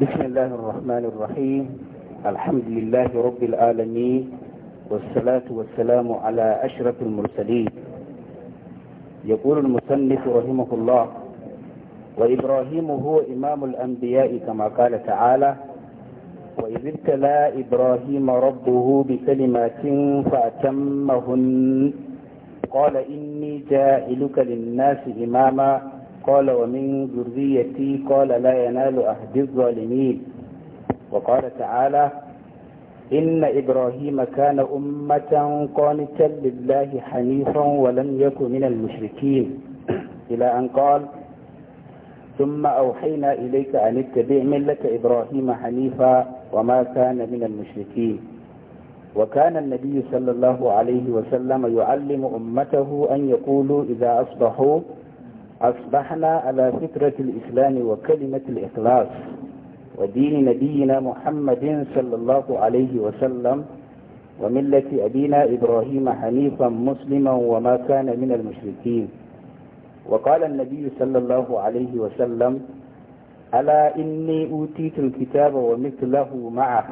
بسم الله الرحمن الرحيم الحمد لله رب العالمين والصلاة والسلام على أشرف المرسلين يقول المصنف رحمه الله وإبراهيم هو إمام الأنبياء كما قال تعالى وإذ ابتلى إبراهيم ربه بكلمات فأتمهن قال إني جاعلك للناس إماما قال ومن ذريتي قال لا ينال أهد الظالمين وقال تعالى إن إبراهيم كان أمة قانتا لله حنيفا ولم يكن من المشركين إلى أن قال ثم أوحينا إليك أن اتبع ملة إبراهيم حنيفا وما كان من المشركين وكان النبي صلى الله عليه وسلم يعلم أمته أن يقولوا إذا أصبحوا أصبحنا على فكرة الإسلام وكلمة الإخلاص ودين نبينا محمد صلى الله عليه وسلم وملة أبينا إبراهيم حنيفا مسلما وما كان من المشركين وقال النبي صلى الله عليه وسلم ألا إني أوتيت الكتاب ومثله معه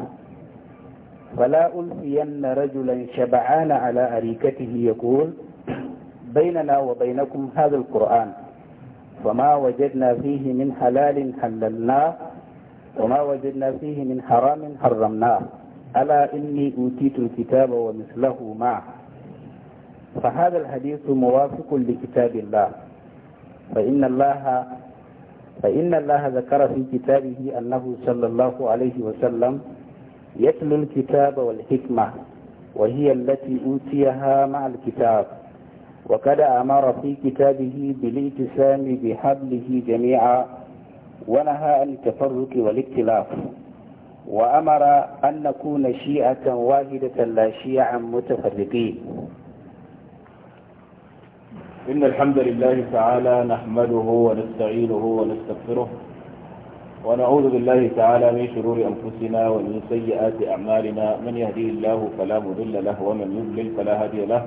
فلا ألفين رجلا شبعان على أريكته يقول بيننا وبينكم هذا القرآن وما وجدنا فيه من حلال حللناه وما وجدنا فيه من حرام حرمناه ألا إني أوتيت الكتاب ومثله معه فهذا الحديث موافق لكتاب الله فإن الله فإن الله ذكر في كتابه أنه صلى الله عليه وسلم يتلو الكتاب والحكمة وهي التي أوتيها مع الكتاب وقد أمر في كتابه بالاتسام بحبله جميعا ونهى عن التفرق والاختلاف وأمر أن نكون شيعة واحدة لا شيعا متفرقين إن الحمد لله تعالى نحمده ونستعينه ونستغفره ونعوذ بالله تعالى من شرور أنفسنا ومن سيئات أعمالنا من يهدي الله فلا مضل له ومن يضلل فلا هادي له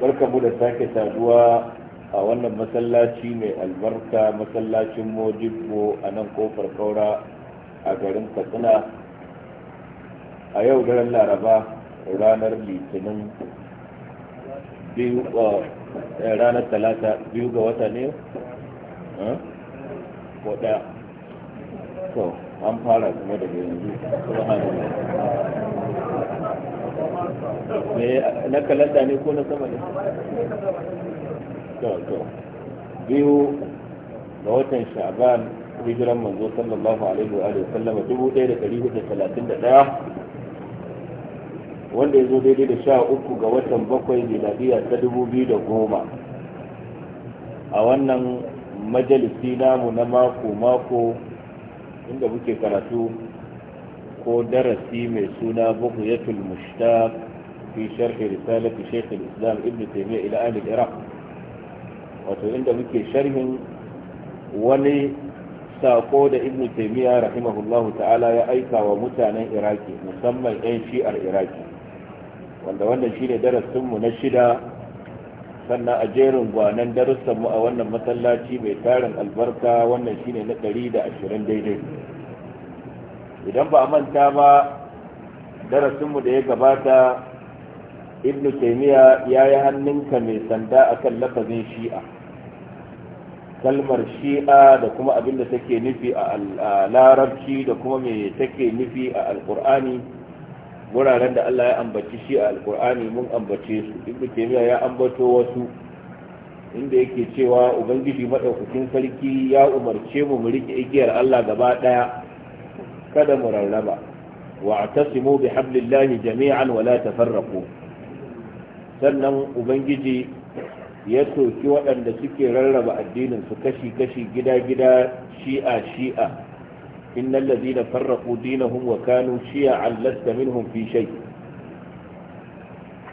barkamu da sake saduwa a wannan masallaci mai albarka masallacin mojibbo a nan kofar kaura a garin katsina a yau daren laraba ranar litinin eh, ranar talata biyu ga wata ne eh? to an fara kuma daga yanzu na kalanda ne ko na sama ne to biyu da watan sha'ban hijiran manzo sallallahu alaihi wa sallama ɗaya wanda ya zo daidai da sha uku ga watan bakwai miladiya ta dubu 2010 a wannan majalisi namu na mako-mako inda muke karatu ko darasi mai suna buhuyatul mushtaq في شرح رسالة شيخ الإسلام ابن تيمية إلى أهل العراق wato inda muke sharhin wani sako da ibn taymiya rahimahullahu ta'ala ya aika wa mutanen iraki musamman 'yan shi'ar iraki wanda wannan shine darasinmu na shida sannan a jerin gwanan mu a wannan masallaci mai tarin albarka wannan shine na ashirin daidai idan ba a manta ba darasinmu da ya gabata ibnu taimiyya ya yi hannunka mai sanda akan lafazin shi'a kalmar shi'a da kuma abin da take nufi a larabci da kuma mai take nufi a alkur'ani wuraren da Allah ya ambaci shi a alkur'ani mun ambace su ibnu taimiyya ya ambato wasu inda yake cewa ubangiji maɗaukakin sarki ya umarce mu mu rike igiyar Allah gaba daya kada mu rarraba bi hablillahi jami'an wala ta tafarraqu sannan ubangiji ya soki waɗanda suke rarraba addinin su kashi-kashi gida-gida shi'a-shi'a innal ladina farraqu dinahum wa kanu shi'an lasta minhum fi shay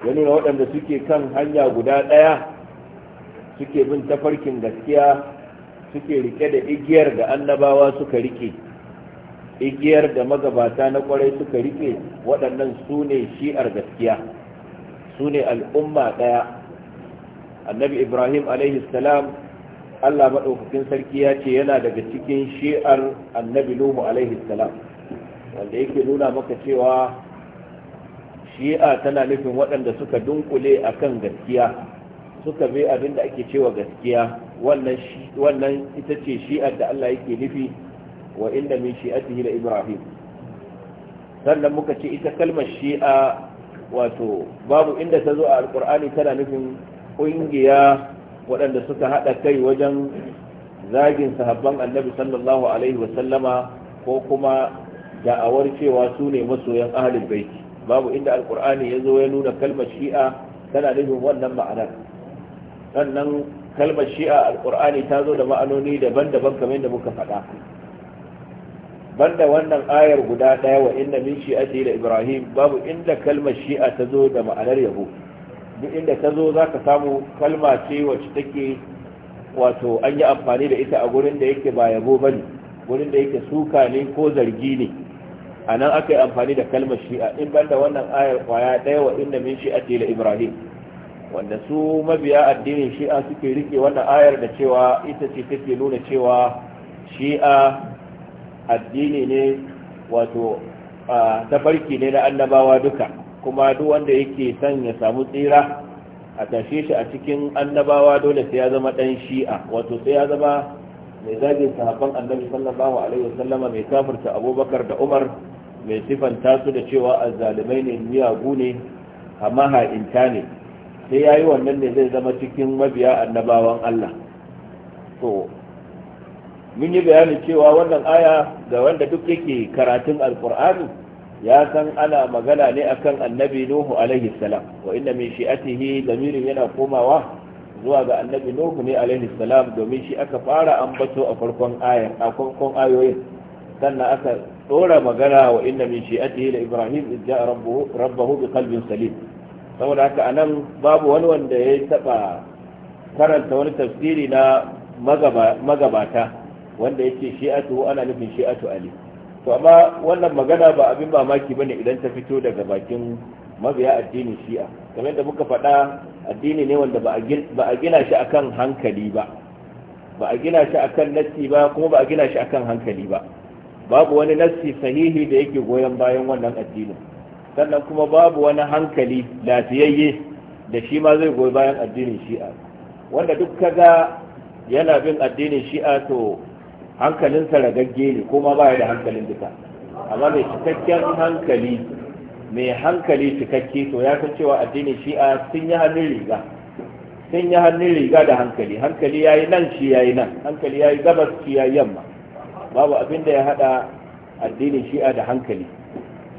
ya nuna waɗanda suke kan hanya guda ɗaya suke bin tafarkin gaskiya suke rike da igiyar da annabawa suka rike igiyar da magabata na kwarai suka rike waɗannan sune shi'ar gaskiya su ne al'umma ɗaya annabi ibrahim salam allah maɗaukakin sarki ya ce yana daga cikin shi'ar annabi nuhu salam wanda yake nuna maka cewa shi'a tana nufin waɗanda suka dunkule kan gaskiya suka bi abin da ake cewa gaskiya wannan ita ce shi'ar da allah yake nufi wa inda min shi'atihi da ibrahim sannan muka ce ita kalmar shi'a wato babu inda ta zo a alkur'ani tana nufin ƙungiya waɗanda suka haɗa kai wajen zagin sahabban annabi sallallahu alaihi wasallama ko kuma da'awar cewa su ne masoyan ahalin baiti babu inda alkur'ani ya zo ya nuna kalmar shi'a tana nufin wannan ma'anar sannan kalmar shi'a alkur'ani ta zo da ma'anoni daban-daban kamar da muka faɗa banda wannan ayar guda daya wa inna min shi'ati da ibrahim babu inda kalmar shi'a ta zo da ma'anar yabo duk inda ta zo zaka samu kalma ce wacce take wato an yi amfani da ita a gurin da yake ba yabo bane gurin da yake suka ne ko zargi ne a nan aka yi amfani da kalmar shi'a in banda wannan ayar kwaya daya wa inna min shi'ati da ibrahim wanda su mabiya addinin shi'a suke rike wannan ayar da cewa ita ce take nuna cewa shi'a addini ne wato tafarki ne na annabawa duka kuma duk wanda yake son ya samu tsira a tashe shi a cikin annabawa dole sai ya zama dan shi'a wato sai ya zama mai zagin sahabban annabi sallallahu alaihi wasallama mai kafirta abubakar da umar mai sifanta su da cewa azzalumai ne miyagu ne amma ha'inta ne sai ya yi wannan ne zai zama cikin mabiya annabawan allah mun yi bayanin cewa wannan aya ga wanda duk yake karatun alkur'ani ya san ana magana ne akan annabi nuhu alaihi salam wa inna min shi'atihi damirin yana komawa zuwa ga annabi nuhu ne alaihi salam domin shi aka fara ambato a farkon ayar a farkon ayoyin sannan aka dora magana wa inna min shi'atihi la ibrahim idda rabbuhu rabbahu bi qalbin salim saboda haka anan babu wani wanda ya taba karanta wani tafsiri na magabata wanda yace shi'atu ana nufin shi'atu ali to amma wannan magana ba abin mamaki bane idan ta fito daga bakin mabiya addinin shi'a kamar yadda muka faɗa addini ne wanda ba a gina shi akan hankali ba ba a gina shi akan nassi ba kuma ba a gina shi akan hankali ba babu wani nassi sahihi da yake goyon bayan wannan addinin sannan kuma babu wani hankali lafiyayye da shi ma zai goyi bayan addinin shi'a wanda duk kaga yana bin addinin shi'a to hankalinsa ragagge ne kuma ba ya da hankalin duka amma mai cikakken hankali mai hankali cikakke to ya san cewa addinin shi'a sun yi hannun riga sun yi hannun riga da hankali hankali ya yi nan shi ya yi nan hankali ya yi gabas shi ya yi yamma babu abin da ya haɗa addinin shi'a da hankali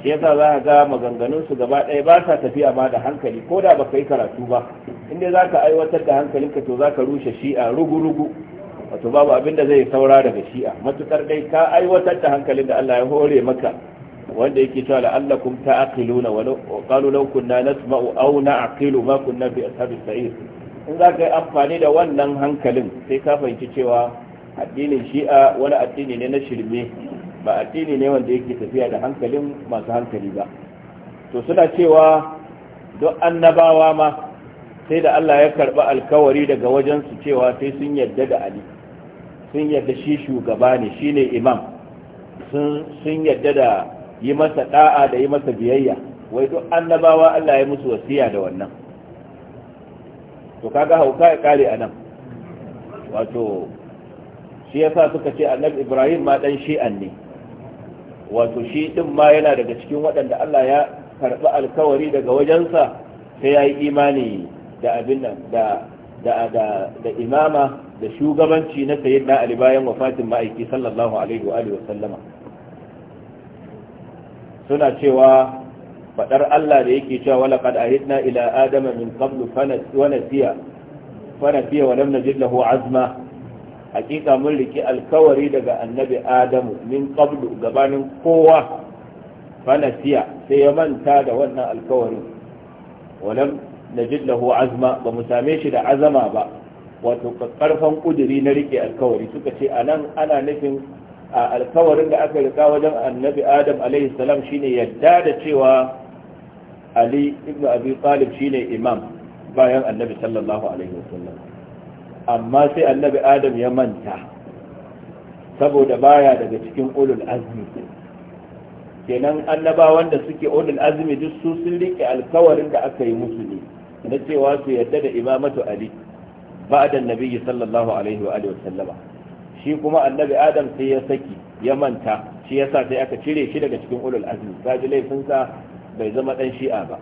shi yasa za ka ga maganganunsu gaba ɗaya ba sa tafiya ma da hankali ko da baka yi karatu ba inda za ka aiwatar da hankalinka to za ka rushe shi'a rugu-rugu wato babu abin da zai saura daga shi'a matukar dai ka aiwatar da hankalin da Allah ya hore maka wanda yake cewa la'allakum ta'qiluna wa qalu law kunna nasma'u aw na'qilu ma kunna bi ashabis sa'ir in za ka yi amfani da wannan hankalin sai ka fahimci cewa addinin shi'a wani addini ne na shirme ba addini ne wanda yake tafiya da hankalin masu hankali ba to suna cewa duk annabawa ma sai da Allah ya karba alkawari daga wajen su cewa sai sun yarda da Ali sun yadda shi shugaba ne shi ne imam sun yadda da yi masa da'a da yi masa biyayya wai duk annabawa Allah ya musu wasiya da wannan to kaga hauka ya kare anan wato shi yasa suka ce annabi Ibrahim ma dan shi'an ne wato shi din ma yana daga cikin waɗanda Allah ya karɓi alkawari daga wajensa sai ya yi imani da abin nan da imama da shugabanci na da ali bayan wafatin ma'aiki sallallahu alaihi wa alihi wasallama suna cewa fadar Allah da yake cewa wala qad ahidna ila adama min qablu wa nasiya fa nasiya wa lam najid lahu azma hakika mun riki alkawari daga annabi adamu min qablu gabanin kowa fa nasiya sai ya manta da wannan alkawarin wa lam najid lahu azma ba mu same shi da azama ba wato karfan kuduri na rike alkawari suka ce anan ana nufin alkawarin da aka rika wajen annabi adam alaihi salam shine yadda da cewa ali ibnu abi talib shine imam bayan annabi sallallahu alaihi wasallam amma sai annabi adam ya manta saboda baya daga cikin ulul azmi kenan annaba wanda suke ulul azmi duk su sun rike alkawarin da aka yi musu ne na cewa su yadda da imamatu ali ba'da annabi sallallahu alaihi wa alihi wasallama shi kuma annabi adam sai ya saki ya manta shi yasa sai aka cire shi daga cikin ulul azmi kaji laifin sa bai zama dan shi'a ba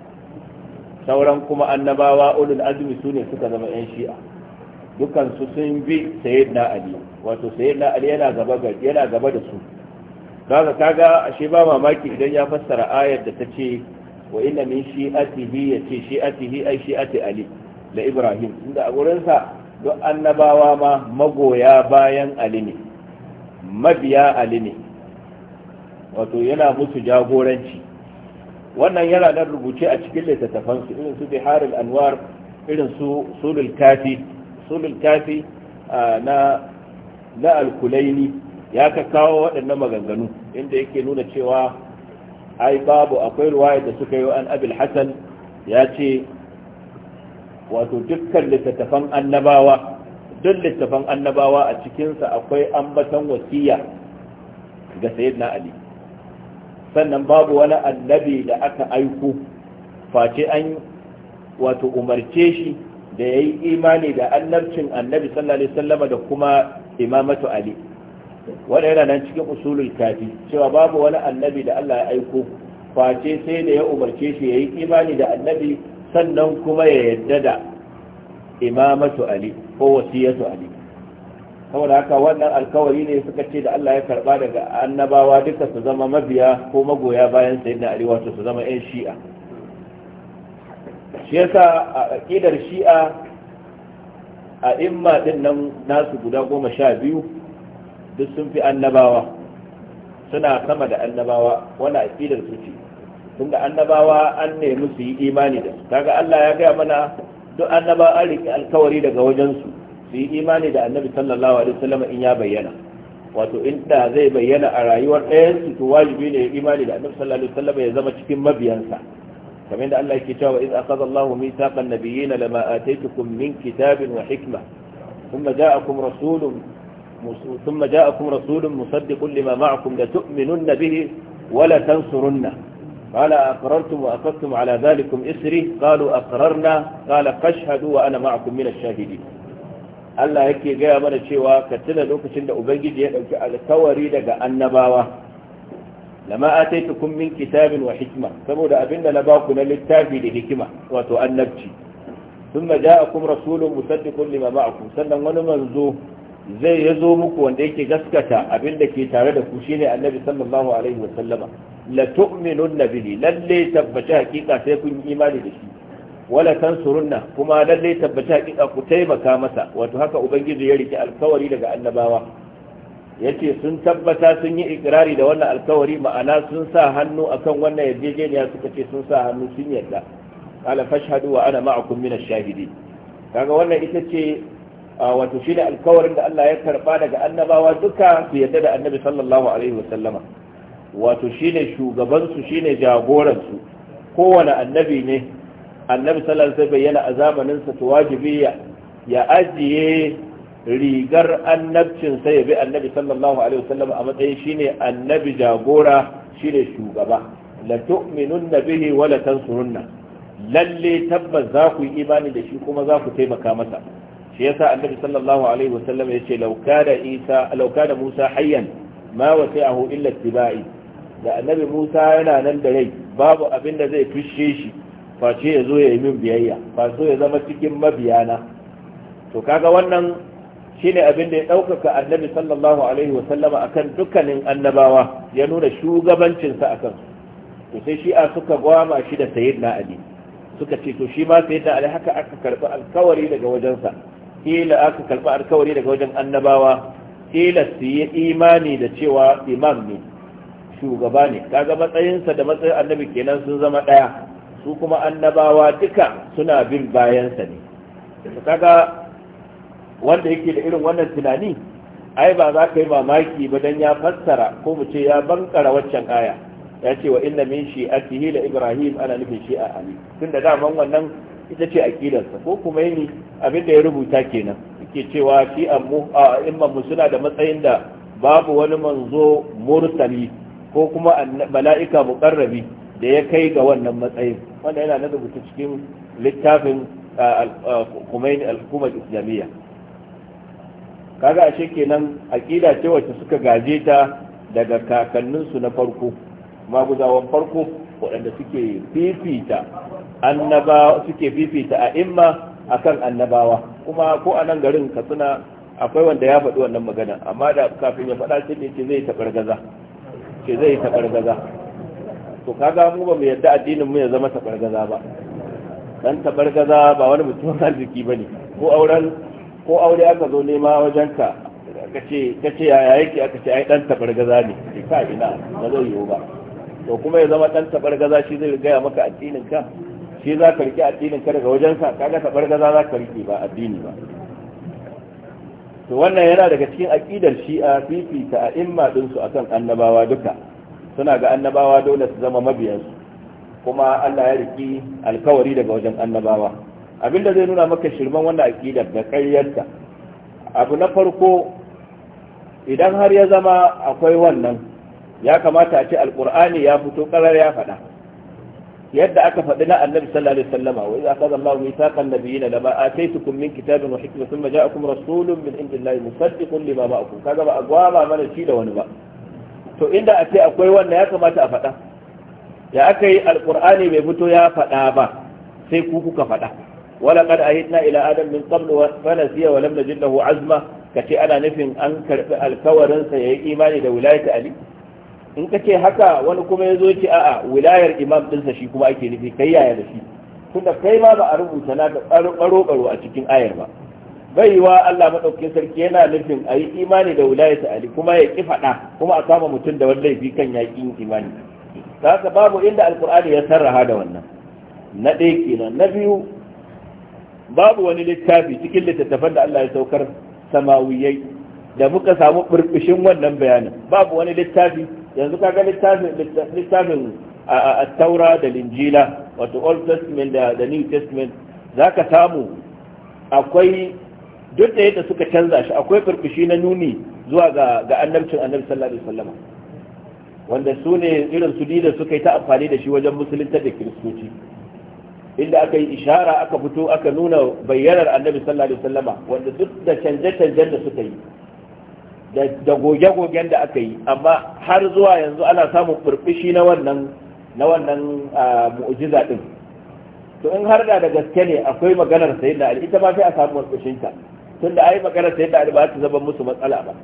sauran kuma annabawa ulul azmi ne suka zama yan shi'a dukan su sun bi sayyidina ali wato sayyidina ali yana gaba ga yana gaba da su kaga kaga ashe ba mamaki idan ya fassara ayar da ta ce wa inna min shi'atihi yace shi'atihi ai shi'ati ali da ibrahim inda a gurinsa don annabawa ma magoya bayan ali ne mabiya ali ne wato yana musu jagoranci wannan yana nan rubuce a cikin littattafansu irin su biharul anwar irin su sulul kafi sulul kafi na na alkulaini ya ka kawo waɗannan maganganu inda yake nuna cewa ai babu akwai ruwaya da suka yi an abil hassan ya ce wato dukkan littattafan annabawa duk littattafan annabawa a cikinsa akwai ambaton wasiya ga sayyidina ali sannan babu wani annabi da aka aiko face an wato umarce shi da ya yi imani da annabcin annabi sallallahu alaihi wasallama da kuma imamatu ali wanda yana nan cikin usulul kafi cewa babu wani annabi da Allah ya aiko face sai da ya umarce shi ya yi imani da annabi sannan kuma ya yadda da imamatu ali ko wasiyatu ali saboda haka wannan alkawari ne suka ce da Allah ya karba daga annabawa duka su zama mabiya ko magoya bayan sayyidina ali wato su zama yan shi'a shi yasa a aqidar shi'a a imma din nan nasu guda goma sha biyu duk sun fi annabawa suna sama da annabawa wani aqidar su ce tunda annabawa an nemi su yi imani da su kaga Allah ya gaya mana duk annaba an riƙe alkawari daga wajensu su yi imani da annabi sallallahu alaihi wasallam in ya bayyana wato inda zai bayyana a rayuwar ɗayan su to wajibi ne imani da annabi sallallahu alaihi wasallam ya zama cikin mabiyansa kamar da Allah yake cewa iz akhadha Allahu mithaqan nabiyyin lama ataytukum min kitabin wa hikma thumma ja'akum rasulun ثم جاءكم رسول مصدق لما معكم لتؤمنن به ولا تنصرنه قال أقررتم وأخذتم على ذلكم إسري قالوا أقررنا قال فاشهدوا وأنا معكم من الشاهدين Allah yake gaya mana cewa ka tuna lokacin da Ubangiji ya ɗauki alkawari daga annabawa, lama a taitukun kitabin wa hikima, saboda abinda na baku na littafi da hikima, wato annabci. Sun ma ja'akum rasulun musaddiqun lima ma'akum sannan wani manzo zai ya zo muku wanda yake gaskata abin da ke tare da ku shine annabi sallallahu alaihi wa sallama la tu'minu bihi lalle tabbata hakika sai kun yi imani da shi wala tansurunna kuma lalle tabbata hakika ku taimaka masa wato haka ubangiji ya rike alkawari daga annabawa yace sun tabbata sun yi ikrari da wannan alkawari ma'ana sun sa hannu akan wannan yarjejeniya suka ce sun sa hannu sun yarda qala fashhadu wa ana ma'akum min ash-shahidin kaga wannan ita ce wato shi da alkawarin da Allah ya karba daga annabawa duka su yadda da annabi sallallahu alaihi wasallama wato shi ne shugabansu shi ne jagoransu kowane annabi ne annabi sallallahu alaihi bayyana a zamaninsa ta wajibi ya ajiye rigar annabcinsa ya bi annabi sallallahu alaihi a matsayin shi ne annabi jagora shi ne shugaba la tu'minunna bihi wa la tansurunna lalle tabbas za ku yi imani da shi kuma za ku taimaka masa shi yasa annabi sallallahu alaihi wasallam ya ce laukada isa laukada musa hayyan ma wasi'ahu illa tibai da annabi musa yana nan da rai babu abin da zai fishe shi face ya zo ya yi min biyayya ba so ya zama cikin mabiyana to kaga wannan shine abin da ya ɗaukaka annabi sallallahu alaihi akan dukkanin annabawa ya nuna shugabancinsa akan to sai shi'a suka gwama shi da sayyidina ali suka ce to shi ma sayyidina ali haka aka karɓi alkawari daga wajensa kila aka karɓi alkawari daga wajen annabawa kila su yi imani da cewa imam ne shugaba ne kaga matsayinsa da matsayin annabi kenan sun zama ɗaya su kuma annabawa duka suna bin bayansa ne kaga wanda yake da irin wannan tunani ai ba za ka yi mamaki ba dan ya fassara ko mu ce ya bankara waccan aya ya ce wa inna min shi'atihi la ibrahim ana nufin shi'a ali tunda daman wannan ita ce aqidarsa ko kuma yini abin da ya rubuta kenan yake cewa shi imman suna da matsayin da babu wani manzo murtali ko kuma mala'ika muqarrabi da ya kai ga wannan matsayin wanda yana na rubuta cikin littafin Khomeini al Islamiyya kaga ashe kenan aqida ce wacce suka gaje ta daga kakanninsu na farko maguzawan farko waɗanda suke fifita annaba suke fifita a imma a kan annabawa kuma ko a nan garin suna akwai wanda ya faɗi wannan magana amma da kafin ya faɗa sai ce zai taɓar gaza ce zai taɓar gaza to kaga mu ba mu yadda addinin mu ya zama taɓar gaza ba dan taɓar gaza ba wani mutum arziki ne ko auren ko aure aka zo nema wajen ka kace kace yaya yake aka ce ai dan taɓar gaza ne ka ina ba zai yiwu ba to kuma ya zama dan taɓar gaza shi zai gaya maka addinin ka shi za ka riƙe addinin ka daga wajensa kaga bar gaza za ka riƙe ba addini ba to wannan yana daga cikin aƙidar shi'a fifita a imma din su akan annabawa duka suna ga annabawa dole su zama su kuma allah ya riki alkawari daga wajen annabawa abinda zai nuna maka shirman wannan aƙidar da ƙaryarta abu na farko idan har ya zama akwai wannan ya kamata a ce alƙur'ani ya fito ƙarar ya faɗa yadda aka faɗi na annabi sallallahu alaihi wasallam wa idza akhadha Allahu mithaqan nabiyina lama ataytukum min kitabin wa hikmatin thumma ja'akum rasulun min indillahi musaddiqun lima ma'akum kaga ba a gwaba mana shi da wani ba to inda a ce akwai wannan ya kamata a faɗa ya aka yi alqur'ani bai fito ya faɗa ba sai ku kuka faɗa wala qad ahidna ila adam min qabl wa fanasiya wa lam najid lahu azma kace ana nufin an karbi alkawarin sa yayi imani da wilayati ali in ka ce haka wani kuma ya zo ce a'a wilayar imam ɗinsa shi kuma ake nufi kai yaya da shi tunda kai ma ba a rubuta na baro baro a cikin ayar ba bai wa Allah madaukakin sarki yana nufin a yi imani da wilayar ali kuma ya ki faɗa kuma a kama mutum da wani laifi kan yaƙin imani haka babu inda alkur'ani ya sarraha da wannan na ɗaya kenan na biyu babu wani littafi cikin littattafan da Allah ya saukar samawiyai da muka samu burbushin wannan bayanin babu wani littafi yanzu kaga littafin littafin taura da linjila wato old testament da the new testament za ka samu akwai duk da yadda suka canza shi akwai firfishi na nuni zuwa ga annabcin annabi sallallahu alaihi wasallam wanda su ne irin su da suka yi ta amfani da shi wajen musulunta da kiristoci inda aka yi ishara aka fito aka nuna bayyanar annabi sallallahu alaihi wasallam wanda duk da canje-canjen da suka yi da goge-gogen da aka yi amma har zuwa yanzu ana samun burbushi na wannan na wannan mu'jiza din to in har da gaske ne akwai maganar sayyidina ali ita ma sai a samu burbushin ta tunda ai maganar sayyidina ali ba ta zama musu matsala ba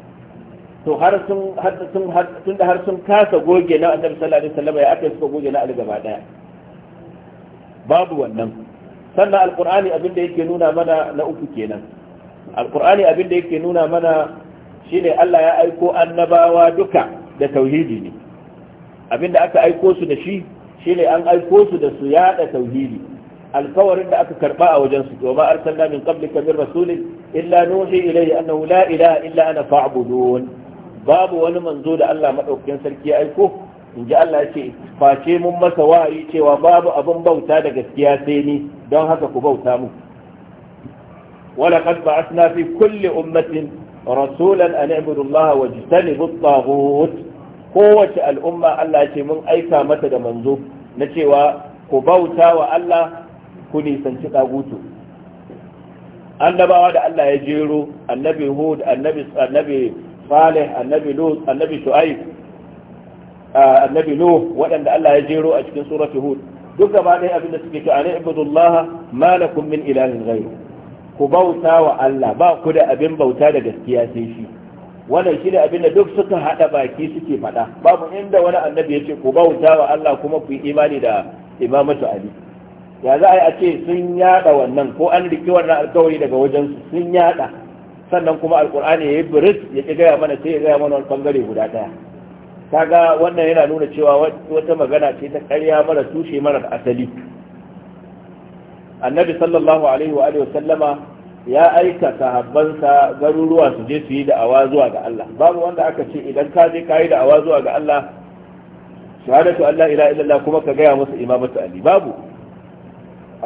to har sun har sun tunda har sun kasa goge na annabi sallallahu alaihi wasallam ya aka suka goge na ali gaba daya babu wannan sannan alqur'ani abin da yake nuna mana na uku kenan alqur'ani abin da yake nuna mana shine Allah ya aiko annabawa duka da tauhidi ne abinda aka aiko su da shi shine an aiko su da su yada tauhidi alkawarin da aka karba a wajen su to ma arsalna min qablika min rasulin illa nuhi ilayhi annahu la ilaha illa ana fa'budun babu wani manzo da Allah madaukakin sarki ya aiko in ji Allah ce face mun masa wahayi cewa babu abin bauta da gaskiya sai ni don haka ku bauta mu wala qad ba'athna fi kulle ummatin rasulan an ibudullah wa jitanibu taghut kowace al'umma Allah ce mun aika mata da manzo na cewa ku bauta wa Allah ku nisanci tagutu annabawa da Allah ya jero annabi hud annabi annabi salih annabi lut annabi shu'aib annabi nuh waɗanda Allah ya jero a cikin suratu hud duk gaba ɗaya abin da suke to ana ibudullah ma lakum min ilahin ghayru ku bauta wa Allah ba ku da abin bauta da gaskiya sai shi wannan shi da abin da duk suka hada baki suke faɗa babu inda wani annabi ya ce ku bauta wa Allah kuma ku yi imani da imamatu ali ya za a yi a ce sun yada wannan ko an riki wannan alkawari daga wajen su sun yada sannan kuma alkur'ani ya yi biris ya ki gaya mana sai ya gaya mana wani bangare guda daya kaga wannan yana nuna cewa wata magana ce ta karya mara tushe mara asali annabi sallallahu alaihi wa alihi sallama ya aika sahabbansa garuruwa su je su yi da'awa zuwa ga Allah babu wanda aka ce idan ka je ka yi da'awa zuwa ga Allah shahadatu Allah ila illallah kuma ka gaya musu imamatu ali babu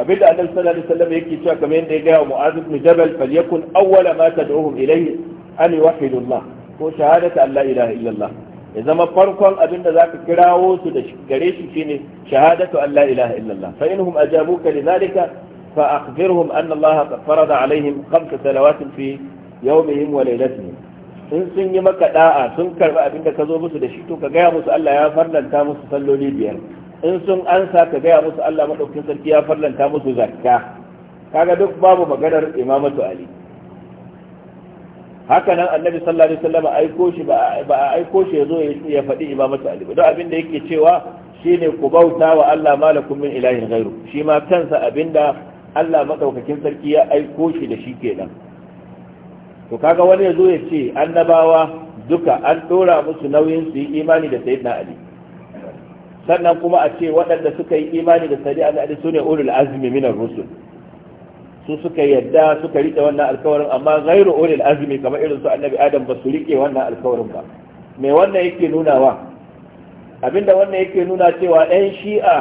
abin da annabi sallallahu alaihi wasallam yake cewa kamar yadda ya gaya wa mu'adh ibn jabal falyakun awwala ma tad'uhum ilayhi an yuwahhidu Allah ko shahadatu Allah ilaha illallah ya zama farkon abin da zaka kirawo su da gare shi shine shahadatu an la ilaha illallah fa inhum ajabuka lidhalika fa akhbirhum anna Allah qad farada alaihim khamsa salawatin fi yawmihim wa laylatihim in sun yi maka da'a sun karbi abin da ka zo musu da shi to ka gaya musu Allah ya farlanta musu salloli biyar in sun ansa ka gaya musu Allah madaukakin sarki ya farlanta musu zakka kaga duk babu maganar imamatu ali haka nan annabi sallallahu alaihi wasallam aiko shi ba a aiko shi yazo ya faɗi imamatu ali ba don abin da yake cewa shine ku bauta wa Allah malakum min ilahin ghairu shi ma kansa abinda Allah madaukakin sarki ya aiko shi da shi kenan to kaga wani yazo ya ce annabawa duka an dora musu nauyin su yi imani da sayyidina ali sannan kuma a ce waɗanda suka yi imani da sayyidina ali sune ulul azmi minar rusul su suka yadda suka rike wannan alkawarin amma ghairu ulil azmi kamar irin su annabi adam ba su rike wannan alkawarin ba me wannan yake nunawa abinda wannan yake nuna cewa ɗan shi'a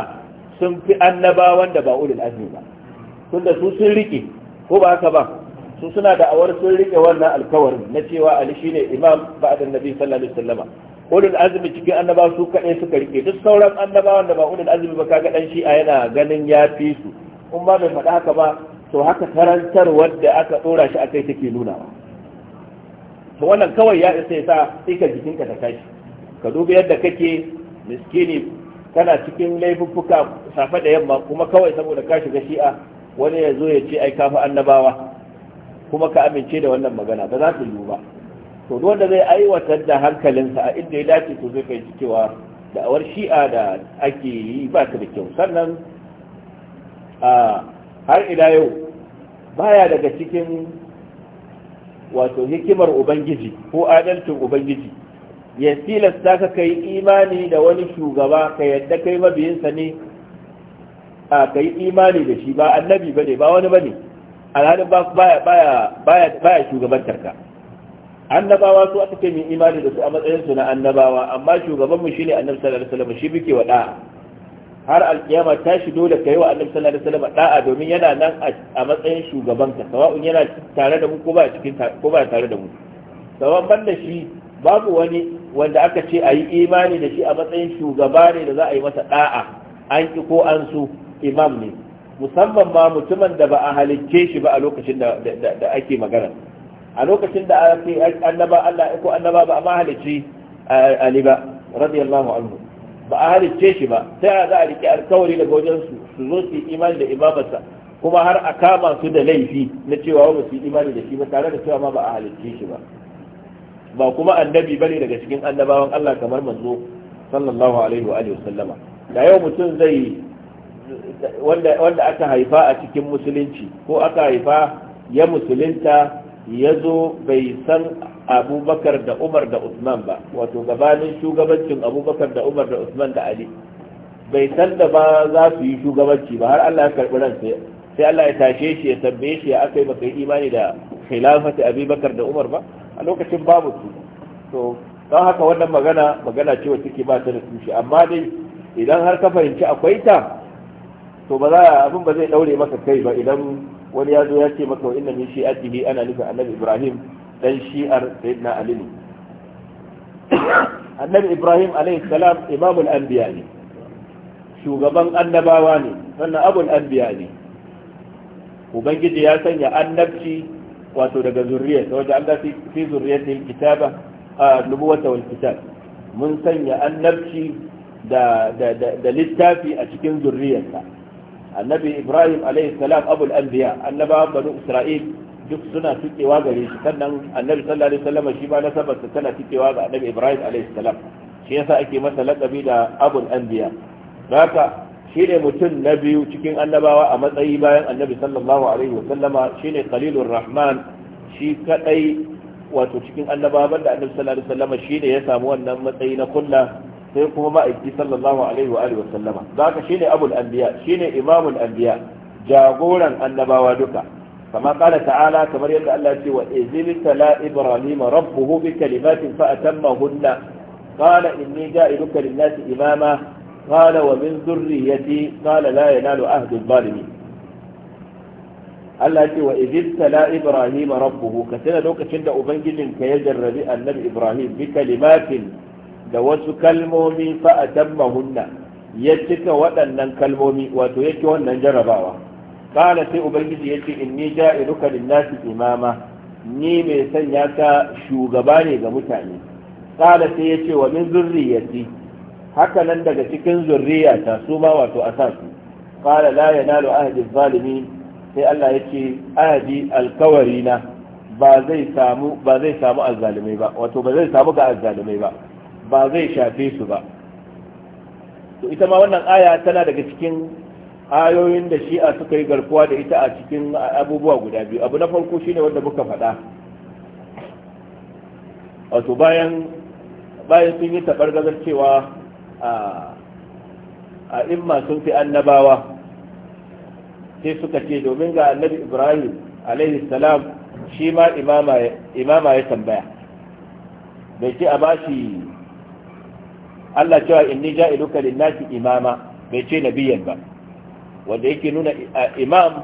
sun fi annabawan da ba ulil azmi ba tunda su sun rike ko ba haka ba su suna da awar sun rike wannan alkawarin na cewa ali shine imam da Nabi sallallahu alaihi wasallama ulil azmi cikin annaba su kaɗai suka rike duk sauran annabawan da ba ulil azmi ba kaga ɗan shi'a yana ganin ya fi su Kuma bai faɗa haka ba to haka karantar wadda aka tsora shi akai take nunawa, to wannan kawai ya isa ya sa ika jikinka ta tashi ka dubi yadda kake miskini kana cikin laifuffuka safe da yamma kuma kawai saboda ka shiga shi'a wani ya zo ya ce ai kafa annabawa kuma ka amince da wannan magana ba za su yiwu ba to duk wanda zai aiwatar da hankalinsa a inda ya dace to zai fahimci cewa da'awar shi'a da ake yi ba ta da kyau sannan a har ila yau baya daga cikin wato hikimar ubangiji ko adalcin ubangiji ya tilasta ka kai imani da wani shugaba ka yadda kai mabiyinsa ne a kai imani da shi ba annabi bane ba wani bane alhalin baya baya baya baya shugabantar ka annabawa su aka ce imani da su a matsayin su na annabawa amma shugaban mu shine annabi sallallahu alaihi wasallam shi muke wada har alkiyama ta shi dole kai wa annabi sallallahu alaihi wasallam da'a domin yana nan a matsayin shugabanka sawa'un yana tare da mu ko ba cikin ko ba tare da mu sawan banda shi babu wani wanda aka ce a yi imani da shi a matsayin shugaba ne da za a yi masa da'a an ki ko an su imam ne musamman ma mutumin da ba a halicce shi ba a lokacin da ake magana a lokacin da ake annaba Allah ko annaba ba a ma halicci eh, ali ba radiyallahu anhu ba a halicce shi ba ta za a riƙe alkawari daga wajen su su zo su yi imani da imamarsa kuma har a kama su da laifi na cewa ba su yi imani da shi ba tare da cewa ma ba a halicce shi ba ba kuma annabi bane daga cikin annabawan Allah kamar manzo sallallahu alaihi wa alihi wasallama da yau mutum zai wanda wanda aka haifa a cikin musulunci ko aka haifa ya musulunta ya zo bai san abubakar da umar da usman ba wato gabanin shugabancin abubakar da umar da usman da ali bai san da ba za su yi shugabanci ba har allah ya karɓi ransa sai allah ya tashe shi ya tambaye shi ya aka yi maka imani da khilafati abubakar da umar ba a lokacin babu su to don haka wannan magana magana ce wacce ke ba ta da tushe amma dai idan har ka fahimci akwai ta to ba za abin ba zai ɗaure maka kai ba idan wani ya zo ya ce maka inna min shi'atihi ana nufin annabi ibrahim dan shi'ar sayyidina ali ne annabi ibrahim alayhi salam imamul anbiya ne shugaban annabawa ne sannan abul anbiya ne ubangiji ya sanya annabci wato daga zurriya ta wajen an ga fi zurriyatin kitaba a nubuwata wal kitab mun sanya annabci da da da littafi a cikin zurriyarsa annabi ibrahim alaihi salam abul anbiya annabawan banu isra'il duk suna tukewa gare shi sannan annabi sallallahu alaihi wasallam shi ba nasabar sa tana tukewa ga annabi ibrahim alaihi salam shi yasa ake masa lakabi da abul anbiya haka shi ne mutum na biyu cikin annabawa a matsayi bayan annabi sallallahu alaihi wasallama shi ne khalilur rahman shi kadai wato cikin annabawa banda annabi sallallahu alaihi wasallama shi ne ya samu wannan matsayi na kulla sai kuma ma'aiki sallallahu alaihi wa wa sallama zaka shine abul anbiya shine imamul anbiya jagoran annabawa duka kama kala ta'ala kamar yadda Allah ce wa izilta la ibrahima rabbuhu bi kalimatin fa atammahunna qala inni ja'iluka lin-nasi imama qala wa min dhurriyyati qala la yanalu ahdi adh-dhalimin Allah ce wa izilta la ibrahima rabbuhu ka lokacin da ubangijinka ya jarrabi annabi ibrahim bi kalimatin da wasu kalmomi fa atamma hunna ya cika waɗannan kalmomi wato yake wannan jarabawa kana sai ubangiji in ni ja'iluka lin-nasi imama ni mai sanya ka shugaba ne ga mutane kana sai ya ce wa min zurriyati haka nan daga cikin zurriyata su ma wato asasu kana la yanalu ahadin zalimi sai Allah ya ahadi alkawari na ba zai samu ba zai samu azzalimai ba wato ba zai samu ga azzalimai ba ba zai shafe su ba to ita ma wannan aya tana daga cikin ayoyin da shi'a suka yi garkuwa da ita a cikin abubuwa guda biyu abu na farko shine wanda muka faɗa wato bayan bayan sun yi taɓargazar cewa a imma sun fi annabawa sai suka ce domin ga annabi ibrahim alaihi salam shi ma imama ya tambaya bai ce a bashi Allah cewa inni ja'iluka lin-nasi imama bai ce nabiyan ba wanda yake nuna imam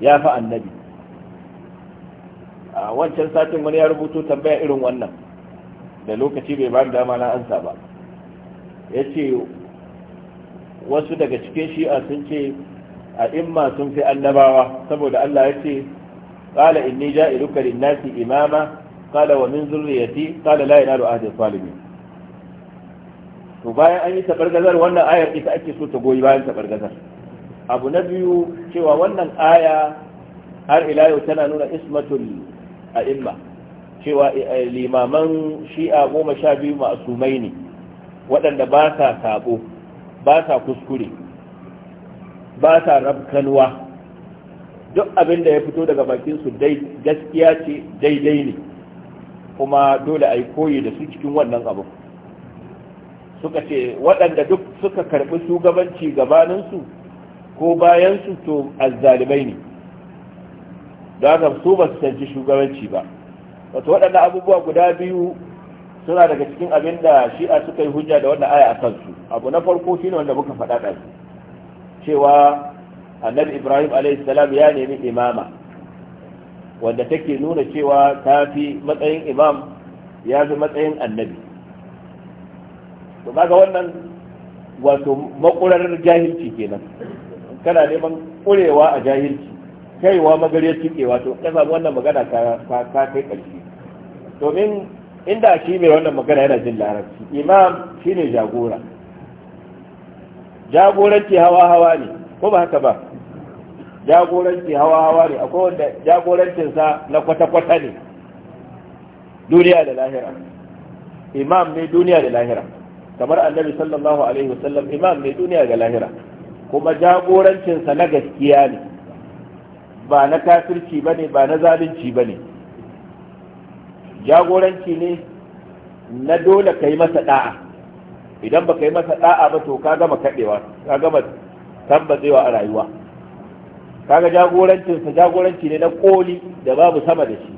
ya fa annabi a wancan satin wani ya rubuto tambaya irin wannan da lokaci bai ba dama na ansa ba yace wasu daga cikin shi'a sun ce a imma sun fi annabawa saboda Allah ya ce qala inni ja'iluka lin-nasi imama qala wa min zurriyati qala la yanalu ahdi zalimin to bayan an yi tabargazar wannan ayar ita ake so ta goyi bayan tabargazar abu na biyu cewa wannan aya har ila yau tana nuna ismatul a'imma cewa eh, limaman shi'a goma sha biyu ma'asumai ne waɗanda ba sa sabo ba sa kuskure ba sa rabkanwa duk abin da ya fito daga bakin su gaskiya ce daidai ne kuma dole a yi koyi da su cikin wannan abin suka ce waɗanda duk suka karɓi shugabanci gabaninsu ko bayansu to azzalibai ne da haka su ba su canci shugabanci ba wato waɗanda abubuwa guda biyu suna daga cikin abin da shi'a suka yi hujja da wannan aya a kansu abu na farko shine wanda muka faɗa ɗansu cewa annabi ibrahim salam ya nemi imama wanda take nuna cewa ta fi matsayin imam ya fi matsayin annabi to kaga wannan wato makurar jahilci kenan kana neman kurewa a jahilci kaiwa magariyar cikewa to ka samu wannan magana ka kai ƙarshe domin inda shi mai wannan magana yana jin larabci imam shine jagora jagoranci hawa hawa ne ko ba haka ba jagoranci hawa hawa ne akwai wanda jagorancinsa na kwata-kwata ne duniya da lahira imam ne duniya da lahira kamar annabi sallallahu alaihi wasallam imam ne duniya ga lahira kuma jagorancinsa na gaskiya ne ba na kafirci ba ne ba na zalunci ba ne jagoranci ne na dole ka yi masa da'a idan ba ka yi masa da'a ba to ka gama kaɗewa ka gama tambazewa a rayuwa kaga jagorancinsa jagoranci ne na koli da babu sama da shi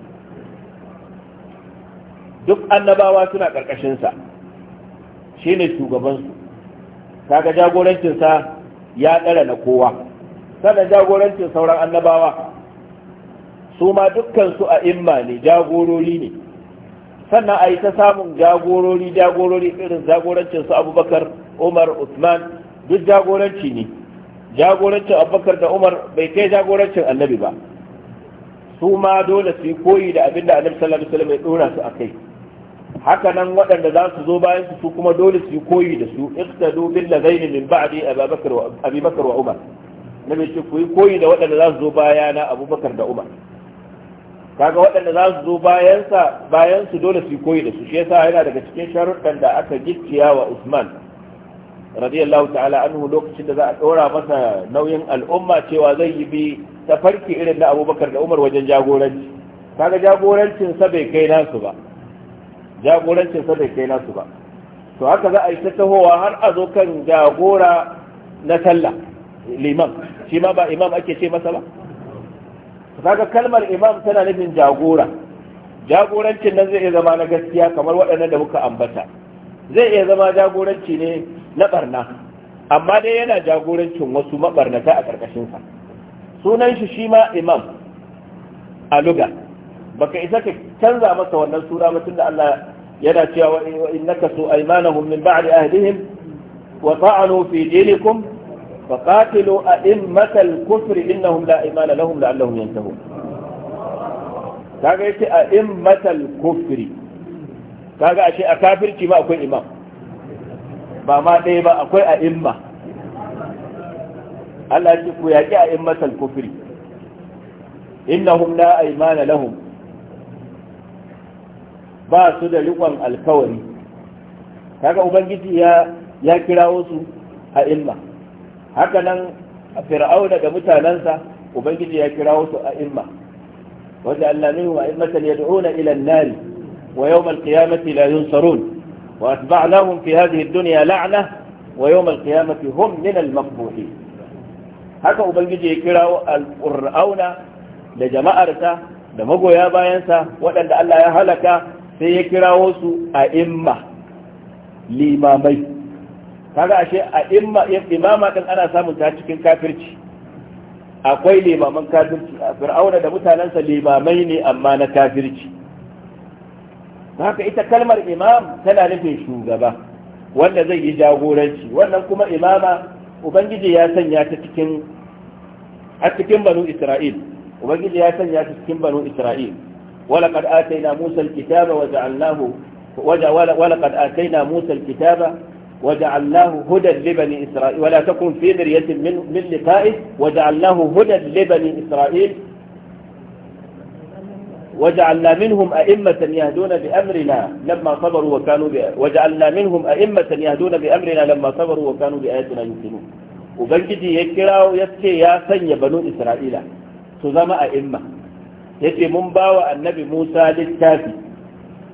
duk annabawa suna ƙarƙashinsa ne shugabansu kaga jagorancinsa ya ɗara na kowa sannan jagorancin sauran annabawa su ma dukkansu a imma ne jagorori ne sannan a yi ta samun jagorori jagorori irin jagorancinsu abubakar umar usman duk jagoranci ne jagorancin abubakar da umar bai kai jagorancin annabi ba su ma dole su yi koyi da abin da annabi sallallahu alaihi wasallam ya dora su a kai haka nan waɗanda za su zo bayan su su kuma dole su yi koyi da su iqtadu bil ladaini min ba'di abubakar wa abubakar wa umar nabi ce ku yi koyi da waɗanda za su zo baya na abubakar da umar kaga waɗanda za su zo bayan sa bayan su dole su yi koyi da su shi yasa yana daga cikin sharuɗan da aka gicciya wa usman radiyallahu ta'ala anhu lokacin da za a ɗora masa nauyin al'umma cewa zai yi bi tafarki irin na abubakar da umar wajen jagoranci kaga jagorancin sa bai kai nasu ba jagorancin sa bai kai nasu ba to haka za a yi ta tahowa har a zo kan jagora na sallah liman shi ma ba imam ake ce masa ba kaga kalmar imam tana nufin jagora jagorancin nan zai iya zama na gaskiya kamar waɗannan da muka ambata zai iya zama jagoranci ne na barna amma dai yana jagorancin wasu mabarnata a ƙarƙashinsa sunan shi shi ma imam a baka isa ka canza masa wannan sura ba tunda Allah yana cewa wa innaka su aymanahum min ba'di ahdihim wa ta'anu fi dinikum fa qatilu a'immatal kufri innahum la imana lahum la'allahum yantahun kaga yace a'immatal kufri kaga ashe a kafirci ma akwai imam ba ma ɗaya ba akwai a'imma Allah ya ce ku yaƙi a'immatal kufri innahum la aymana lahum ba su da riƙon alkawari kaga ubangiji ya ya kirawo su a imma. haka nan a fir'auna da mutanensa ubangiji ya kirawo su a imma. wanda Allah ne wa ilmatan yad'una ila an-nari wa yawm al-qiyamati la yunsarun wa atba'nahum fi hadhihi ad-dunya la'na wa yawm al-qiyamati hum min al-maqbuhin haka ubangiji ya kirawo al-qur'auna da jama'arsa da magoya bayansa waɗanda Allah ya halaka sai ya kirawo su a imma limamai kaga ashe a imma imama din ana samun ta cikin kafirci akwai limaman kafirci a fir'auna da mutanensa limamai ne amma na kafirci haka ita kalmar imam tana nufin shugaba wanda zai yi jagoranci wannan kuma imama ubangiji ya sanya ta cikin a cikin banu isra'il ubangiji ya sanya ta cikin banu isra'il ولقد آتينا موسى الكتاب وجعلناه ولقد آتينا موسى الكتاب وجعلناه هدى لبني إسرائيل ولا تكن في مرية من, من لقائه وجعلناه هدى لبني إسرائيل وجعلنا منهم أئمة يهدون بأمرنا لما صبروا وكانوا وجعلنا منهم أئمة يهدون بأمرنا لما صبروا وكانوا بآياتنا يوقنون وبنجدي يكراو يسكي يا سن بنو إسرائيل تزام أئمة yace mun bawa annabi Musa littafi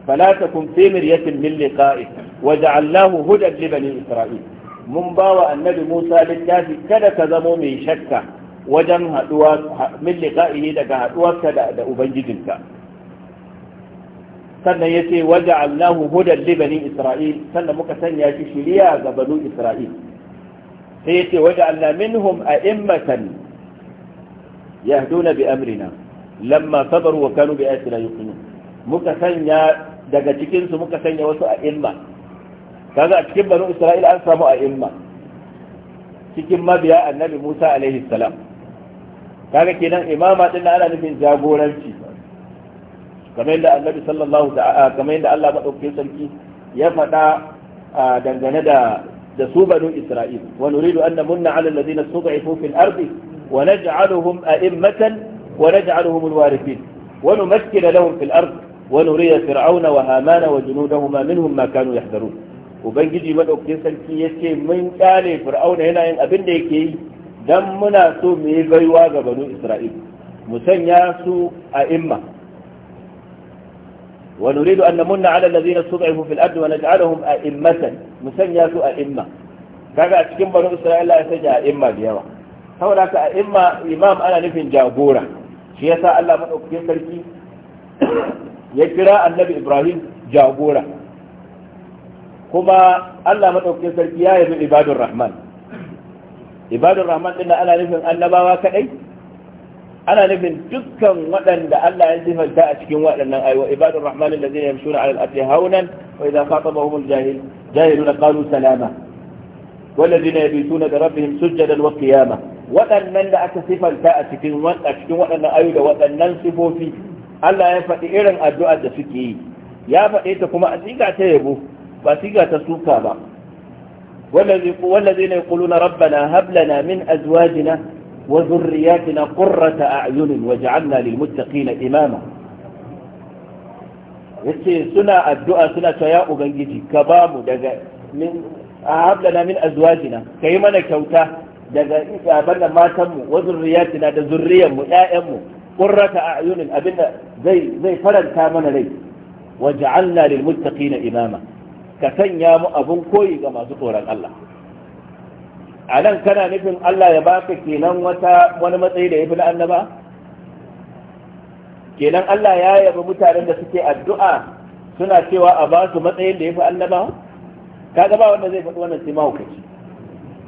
fala takum fi miryatin min liqa'i waja'alnahu hudan li bani isra'il mun bawa annabi Musa littafi kada ka zamo mai shakka wajen haduwa min liqa'ihi daga haduwarka da, da ubangijinka sannan yace waja'alnahu hudan li bani isra'il sannan muka sanya shi shiriya ga banu isra'il sai yace waja'alna minhum a'immatan yahduna bi amrina lamma sabaru wa kanu bi ayatina yuqinu muka sanya daga cikin su muka sanya wasu a ilma kaga a cikin banu isra'ila an samu a ilma cikin mabiya annabi Musa alaihi salam kaga kenan imama din ana nufin jagoranci kamar yadda annabi sallallahu ta'ala kamar yadda Allah madaukakin sarki ya faɗa dangane da da su banu isra'ila wa nuridu an namunna ala alladhina stud'ifu fil ardi wa naj'aluhum a'immatan ونجعلهم الوارثين ونمكن لهم في الأرض ونري فرعون وهامان وجنودهما منهم ما كانوا يحذرون وبنجي مدعوكين سلكي يسكي من قال فرعون هنا إن أبن ديكي دم مناسو مي بيوا بنو إسرائيل مسنياسو أئمة ونريد أن نمن على الذين استضعفوا في الأرض ونجعلهم أئمة مسنياسو أئمة kaga a cikin banu isra'ila ya sanya a'imma da yawa saboda haka a'imma imam ana nufin jagora shi sa Allah madaukakin sarki ya kira annabi Ibrahim jagora kuma Allah madaukakin sarki ya yabi Ibadun rahman Ibadun rahman din ana nufin annabawa kadai ana nufin dukkan waɗanda Allah ya sifanta a cikin waɗannan aiwa Ibadun rahman allazina yamshuna 'ala al-ardi hawnan wa idha khatabahum al-jahil jahiluna qalu salama da يبيتون لربهم سجدا وقياما waɗannan da aka sifanta a cikin waɗannan ayu da waɗannan sifofi Allah ya faɗi irin addu'ar da suke yi ya faɗe ta kuma a siga ta yabo ba siga ta suka ba والذين يقولون ربنا هب لنا من أزواجنا وذرياتنا قرة أعين واجعلنا للمتقين إماما yace suna addu'a suna ta ya ubangiji ka ba mu daga min hab lana min azwajina kai mana kyauta daga abin da matanmu wa zurriyatina da zurriyanmu ƴaƴanmu qurrata a'yunin abinda zai zai faranta mana rai ja'alna lil muttaqina imama ka sanya mu abun koyi ga masu tsoron Allah a nan kana nufin Allah ya baka kenan wata wani matsayi da ya na annaba kenan Allah ya yaba mutanen da suke addu'a suna cewa a ba su matsayin da ya fi annaba kaga ba wanda zai faɗi wannan sai mahaukaci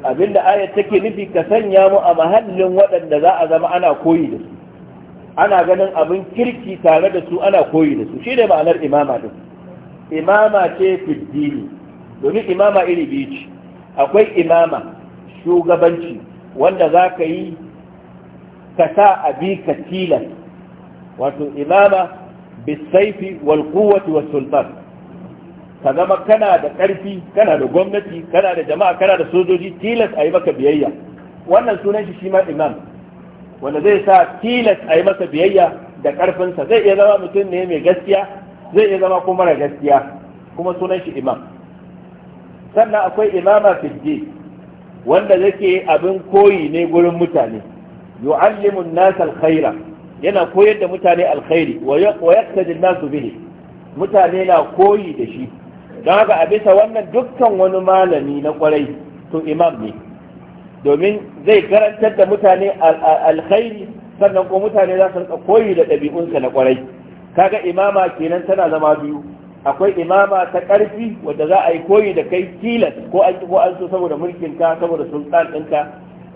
abinda ayat take nufi ka sanya mu a mahallin waɗanda za a zama ana koyi da su ana ganin abin kirki tare da su ana koyi da su shine ma'anar imama din imama ce fiddini domin imama iri biyu ce akwai imama shugabanci wanda za ka yi ka sa abi ka tilas wato imama bisaifi wal kuwati was sultan ka zama kana da ƙarfi kana da gwamnati kana da jama'a kana da sojoji tilas a yi maka biyayya wannan sunan shi shi ma imam wanda zai sa tilas a yi masa biyayya da ƙarfinsa zai iya zama mutum ne mai gaskiya zai iya zama kuma mara gaskiya kuma sunan shi imam sannan akwai imama fiddi wanda zake abin koyi ne gurin mutane yu'allimu an-nas al-khaira yana koyar da mutane alkhairi wa yaqtadi an-nas bihi mutane na koyi da shi don haka a bisa wannan dukkan wani malami na kwarai to imam ne domin zai karantar da mutane alkhairi sannan ko mutane za su rika koyi da ɗabi'unsa na kwarai kaga imama kenan tana zama biyu akwai imama ta ƙarfi wadda za a yi koyi da kai tilas ko an ko an so saboda mulkin ka saboda sultan ɗinka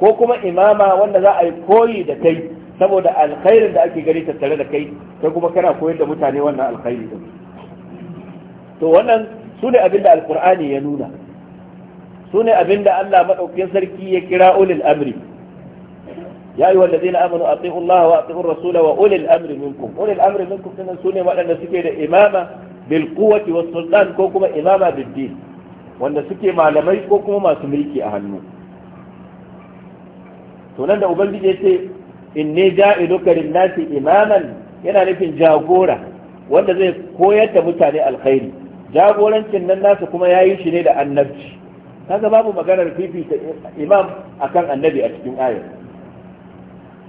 ko kuma imama wanda za a yi koyi da kai saboda alkhairin da ake gani tattare da kai kai kuma kana koyar da mutane wannan alkhairi to wannan su ne abin da alkur'ani ya nuna su ne abin da Allah maɗaukin sarki ya kira ulil amri ya yi wallazi na amanu a tsohon Allah wa tsohon rasula wa ulil amri minkum ulil amri minkum sunan su ne waɗanda suke da imama bil kuwati wa sultan ko kuma imama bil wanda suke malamai ko kuma masu mulki a hannu to nan da ubangiji ya ce in inni ja'iluka lin nasi imaman yana nufin jagora wanda zai koyar da mutane alkhairi jagorancin nan nasa kuma ya yi shi ne da annabci kaga babu maganar fifita imam akan annabi a cikin ayar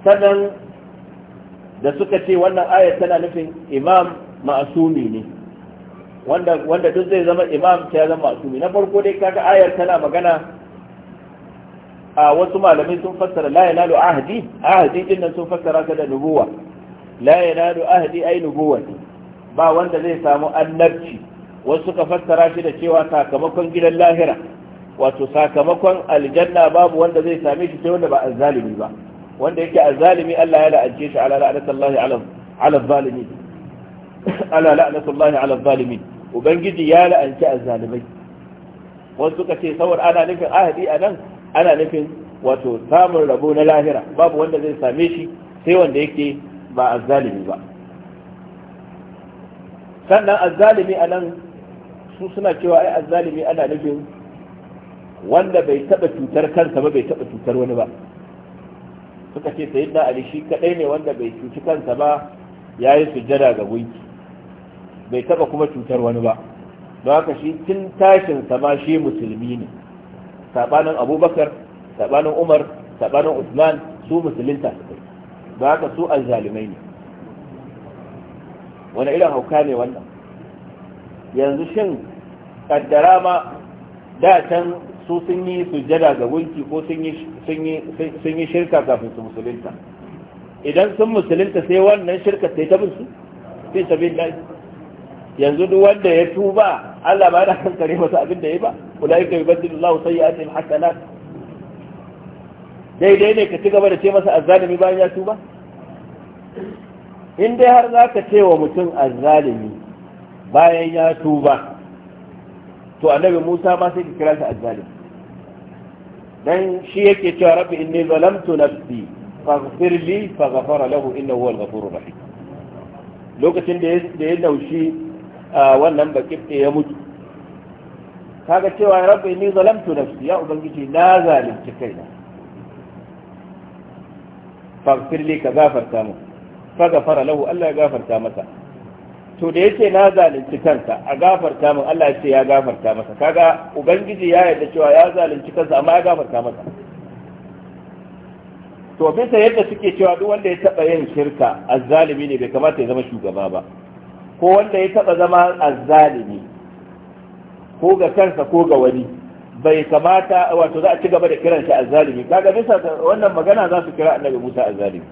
sannan da suka ce wannan ayar tana nufin imam ma'asumi ne wanda wanda duk zai zama imam ta zama ma'asumi na farko dai kaga ayar tana magana a wasu malamai sun fassara la yanalu ahdi ahdi din nan sun fassara ta da nubuwa la yanalu ahdi ai nubuwa ba wanda zai samu annabci wasu suka fassara shi da cewa sakamakon gidan lahira wato sakamakon aljanna babu wanda zai same shi sai wanda ba azzalimi ba wanda yake azzalimi Allah ya la'ance shi ala la'natullahi ala zalimin ala la'natullahi ala zalimin ubangiji ya la'anci azzalimai wasu suka ce saboda ana nufin ahadi anan ana nufin wato samun rabo na lahira babu wanda zai same shi sai wanda yake ba azzalimi ba sannan azzalimi anan su suna cewa ai azzalimi ana nufin wanda bai taba cutar kansa ba bai taba cutar wani ba suka ce sayyidina ali shi kadai ne wanda bai cuci kansa ba yayi sujjada ga gunki bai taba kuma cutar wani ba don haka shi tun tashin sa ma shi musulmi ne sabanin abubakar sabanin umar sabanin usman su musulunta su kai don haka su azzalimai ne wani irin hauka ne wannan yanzu shin kaddara ma da can su sun yi sujjada ga gunki ko sun yi shirka kafin su musulunta idan sun musulunta sai wannan shirka sai ta musu fi sabin dai yanzu duk wanda ya tuba Allah ba da hankali masa abin da ya ba ulaika yubaddilu Allahu sayyi'atihim hasanat daidai ne ka ci gaba da ce masa azzalimi bayan ya tuba in dai har za ka ce wa mutum azzalimi bayan ya tuba to annabi Musa ba sai kira shi azzalim dan shi yake cewa rabbi inni zalamtu nafsi faghfir li faghfara lahu innahu huwal ghafurur rahim lokacin da da ya laushi wannan bakifte ya mutu kaga cewa rabbi inni zalamtu nafsi ya ubangiji na zalunci kaina faghfir li ka gafarta mu faghfara lahu Allah ya gafarta masa to da yace na zalunci kansa a gafarta min Allah ya ce ya gafarta masa kaga ubangiji ya yarda cewa ya zalunci kansa amma ya gafarta masa to bisa yadda suke cewa duk wanda ya taba yin shirka azzalimi ne bai kamata ya zama shugaba ba ko wanda ya taba zama azzalimi ko ga kansa ko ga wani bai kamata wato za a ci gaba da kiran shi azzalimi kaga bisa wannan magana za su kira annabi Musa azzalimi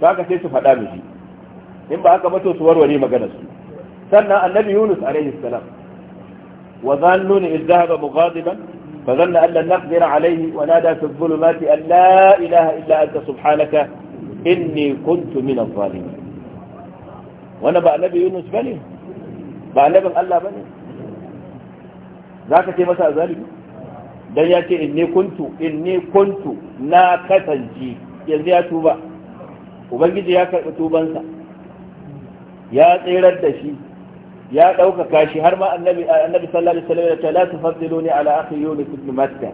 ba ka sai su faɗa mishi in ba haka ba to su warware magana su sannan annabi yunus alaihi salam wa zannuni idh dhahaba mughadiban fa zanna an lan naqdira alaihi wa nada fi dhulumati an la ilaha illa anta subhanaka inni kuntu min adh-dhalimin wanda ba annabi yunus bane ba annabin Allah bane zaka ce masa zalimi dan ya ce inni kuntu inni kuntu na kasance yanzu ya tuba ubangiji ya karɓi tubansa ya tsirar da shi ya ɗaukaka shi har ma annabi sallallahu alaihi wasallam ya ce la tufaddiluni ala akhi yunus ibn matta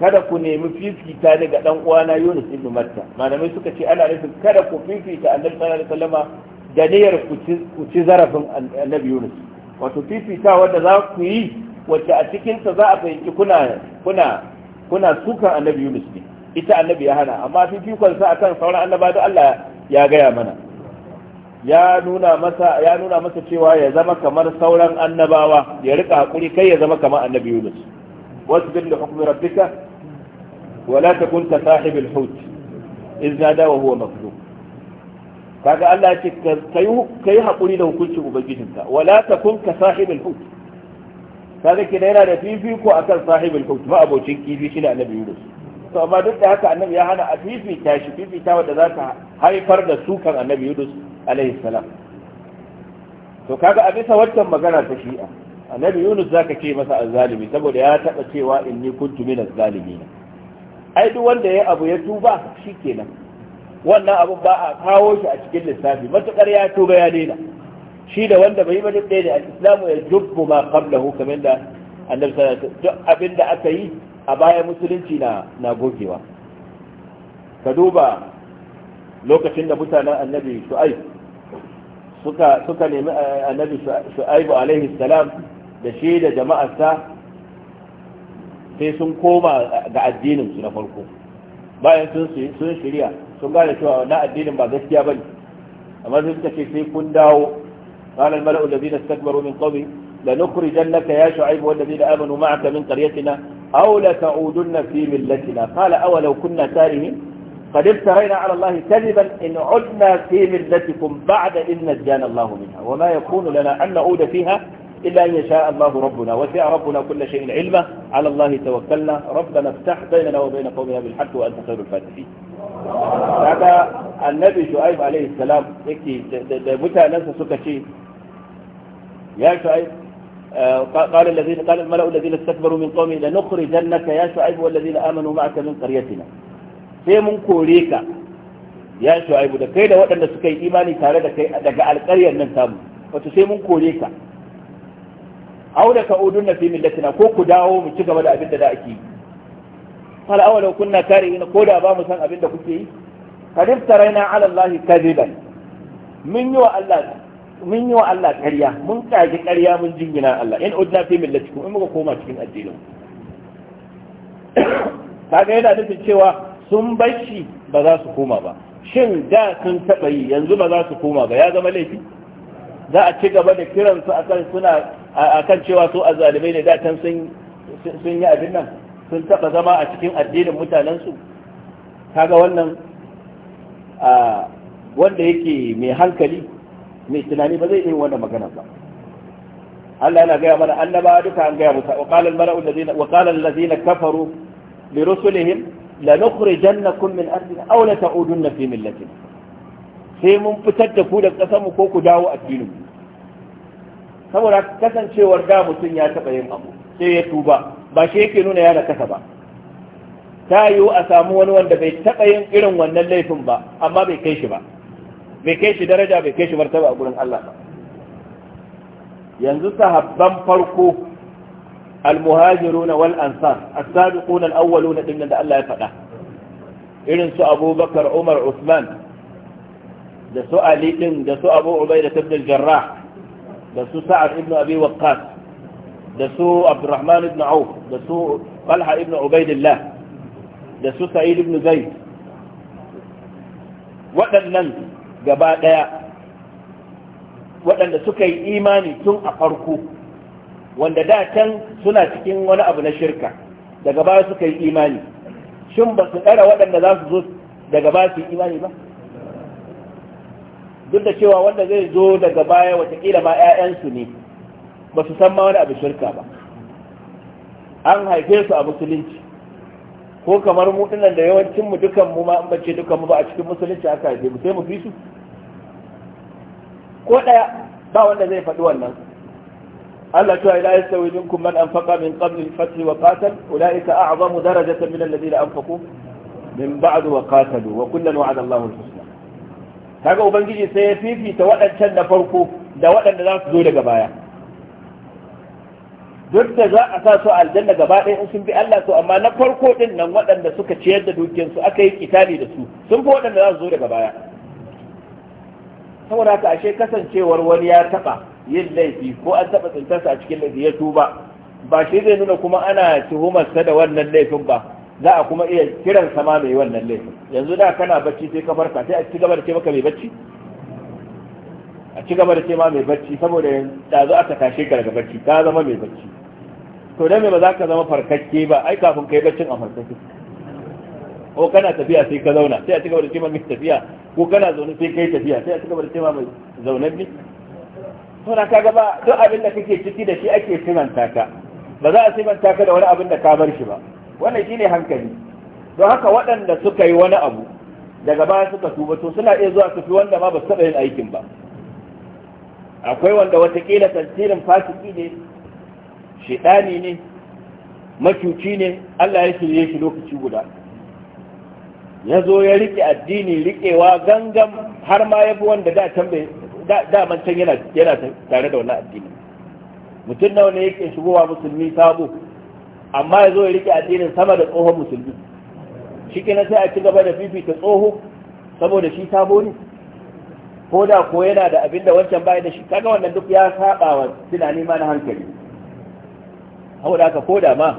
kada ku nemi fifita ne ga dan uwana yunus ibn matta malamai suka ce ana nufin kada ku fifita annabi sallallahu alaihi wasallama da niyyar ku ci zarafin annabi yunus wato fifita wanda za ku yi wacce a cikinsa za a fahimci kuna kuna kuna suka annabi yunus ne ita annabi ya hana amma fifikonsa akan sauran Annabi, da Allah ya gaya mana ya nuna masa ya nuna masa cewa ya zama kamar sauran annabawa ya rika hakuri kai ya zama kamar annabi Yunus wasbir li hukmi rabbika wa la takun ka sahib al-hut iz nada wa huwa makdub kaga Allah ya ce kai kai hakuri da hukuncin ubangijinka wala la takun ka sahib al-hut kaga kina yana da fifiko akan sahib al-hut ba abocin kifi shi da annabi Yunus to amma duk da haka annabi ya hana a fifita shi fifita wanda za ta haifar da sukan annabi Yunus alaihi salam to kaga a bisa wancan magana ta shi'a annabi yunus zaka ce masa azzalimi saboda ya taba cewa inni kuntu minaz zalimin ai duk wanda ya abu ya tuba shikenan wannan abun ba a kawo shi a cikin lissafi matukar ya tuba ya daina shi da wanda bai bada ɗaya da al-islamu ya jubbu ma qablahu kamar da annabi sallallahu duk da aka yi a baya musulunci na na gogewa ka duba lokacin da mutanen annabi shu'aib suka nemi eh, annabi shu'aibu alaihi salam da shi da jama'arsa sai sun koma ga addinin su na farko bayan sun shirya sun gane cewa na addinin ba gaskiya ne amma sai suka ce sai kun dawo قال الملأ الذين استكبروا من قومه لنخرجنك يا شعيب والذين آمنوا معك من قريتنا أو لتعودن في ملتنا قال أولو كنا كارهين قد افترينا على الله كذبا إن عدنا في ملتكم بعد إن نجانا الله منها وما يكون لنا أن نعود فيها إلا أن يشاء الله ربنا وسع ربنا كل شيء علما على الله توكلنا ربنا افتح بيننا وبين قومنا بالحق وأنت خير الفاتحين هذا النبي شعيب عليه السلام يكي متى ننسى سكتي يا شعيب آه، قال الذين قال الملأ الذين استكبروا من قومه لنخرجنك يا شعيب والذين آمنوا معك من قريتنا sai mun kore ka ya shu'aibu da kai da waɗanda suka yi imani tare da kai daga alƙaryar nan tamu wato sai mun kore ka au da ka udun na fi latina ko ku dawo mu ci gaba da abin da da ake yi hal awala kunna ina ko da ba mu san abin da kuke yi Ka taraina ala allahi kadiban mun yi wa Allah mun yi wa Allah ƙarya mun kage ƙarya mun jingina Allah in udna fi millatikum in muka koma cikin addinin kaga yana nufin cewa sun bashi ba za su koma ba shin da sun taɓa yi yanzu ba za su koma ba ya zama laifi za a ci gaba da kiransu akan suna cewa su azalimai ne da can sun yi abin nan sun taɓa zama a cikin addinin mutanensu kaga wannan wanda yake mai hankali mai tunani ba zai yi wannan magana ba Allah yana gaya mana annaba duka an gaya musa wa qala al-mara'u alladhina wa kafaru li rusulihim لنخرجنكم من أرضنا أو لتعودن في ملتنا sai mun fitar da ku da ƙasarmu ko ku dawo addinin mu saboda kasancewar da mutum ya taɓa yin abu sai ya tuba ba shi yake nuna ya da kasa ba ta yiwu a samu wani wanda bai taɓa yin irin wannan laifin ba amma bai kai shi ba bai kai shi daraja bai kai shi martaba a gurin Allah ba yanzu sahabban farko المهاجرون والأنصار السابقون الأولون إن ده الله يفعله إذن سو أبو بكر عمر عثمان ده سو علي ده سو أبو عبيدة بن الجراح ده سو سعد بن أبي وقاص ده سو عبد الرحمن بن عوف ده سو طلحة بن عبيد الله ده سو سعيد بن زيد waɗannan gaba ɗaya waɗanda suka yi imani tun a farko wanda da can suna cikin wani abu na shirka daga baya suka yi imani shin ba su ɗara waɗanda za su zo daga ba su yi imani ba duk da cewa wanda zai zo daga baya watakila ma 'ya'yansu ne ba su san ma wani abu shirka ba an haife su a musulunci ko kamar mu dinan da yawancin mu dukan mu ma an bace dukan mu ba a cikin musulunci aka haife mu sai mu fi su ko ɗaya ba wanda zai faɗi wannan Allah ta ila yastawi minkum man anfaqa min qabl al-fath wa qatal ulaika a'zamu darajatan min alladhina anfaqu min ba'd wa qatalu wa kullan wa'ada Allahu al-husna kaga ubangiji sai ya fifita waɗancan da farko da waɗanda za su zo daga baya duk da za a sa su aljanna gaba ɗaya in sun bi Allah to amma na farko din nan waɗanda suka ciyar da su aka yi kitali da su sun fi waɗanda za su zo daga baya saboda haka ashe kasancewar wani ya taɓa yin laifi ko an taɓa tsintarsa a cikin laifi ya tuba ba shi zai nuna kuma ana tuhumarsa da wannan laifin ba za a kuma iya kiran sama mai wannan laifin yanzu da kana bacci sai ka farka sai a ci gaba da ce maka mai bacci a ci gaba da ce ma mai bacci saboda da zo aka tashe ka daga bacci ka zama mai bacci to dan me ba za ka zama farkakke ba ai kafin kai baccin a farkakke ko kana tafiya sai ka zauna sai a ci gaba da ce ma mai tafiya ko kana zaune sai kai tafiya sai a ci gaba da ce ma mai zaunan ne suna kaga gaba duk abin da kake ciki da shi ake simanta ka ba za a simanta ka da wani abin da ka bar shi ba wannan shine hankali don haka waɗanda suka yi wani abu daga baya suka tuba to suna iya zuwa su fi wanda ma ba su taɓa yin aikin ba akwai wanda watakila tasirin fasiki ne shiɗani ne macuci ne Allah ya shirye shi lokaci guda yazo ya rike addini rikewa gangan har ma ya fi wanda da can daman can yana yana tare da wannan addini mutum nawa ne yake shigowa musulmi sabo amma ya zo ya rike addinin sama da tsohon musulmi shi kenan sai a ci gaba da fifita tsoho saboda shi sabo ne ko da ko yana da abin da wancan baya da shi kaga wannan duk ya saba wa tunani ma na hankali saboda haka ko da ma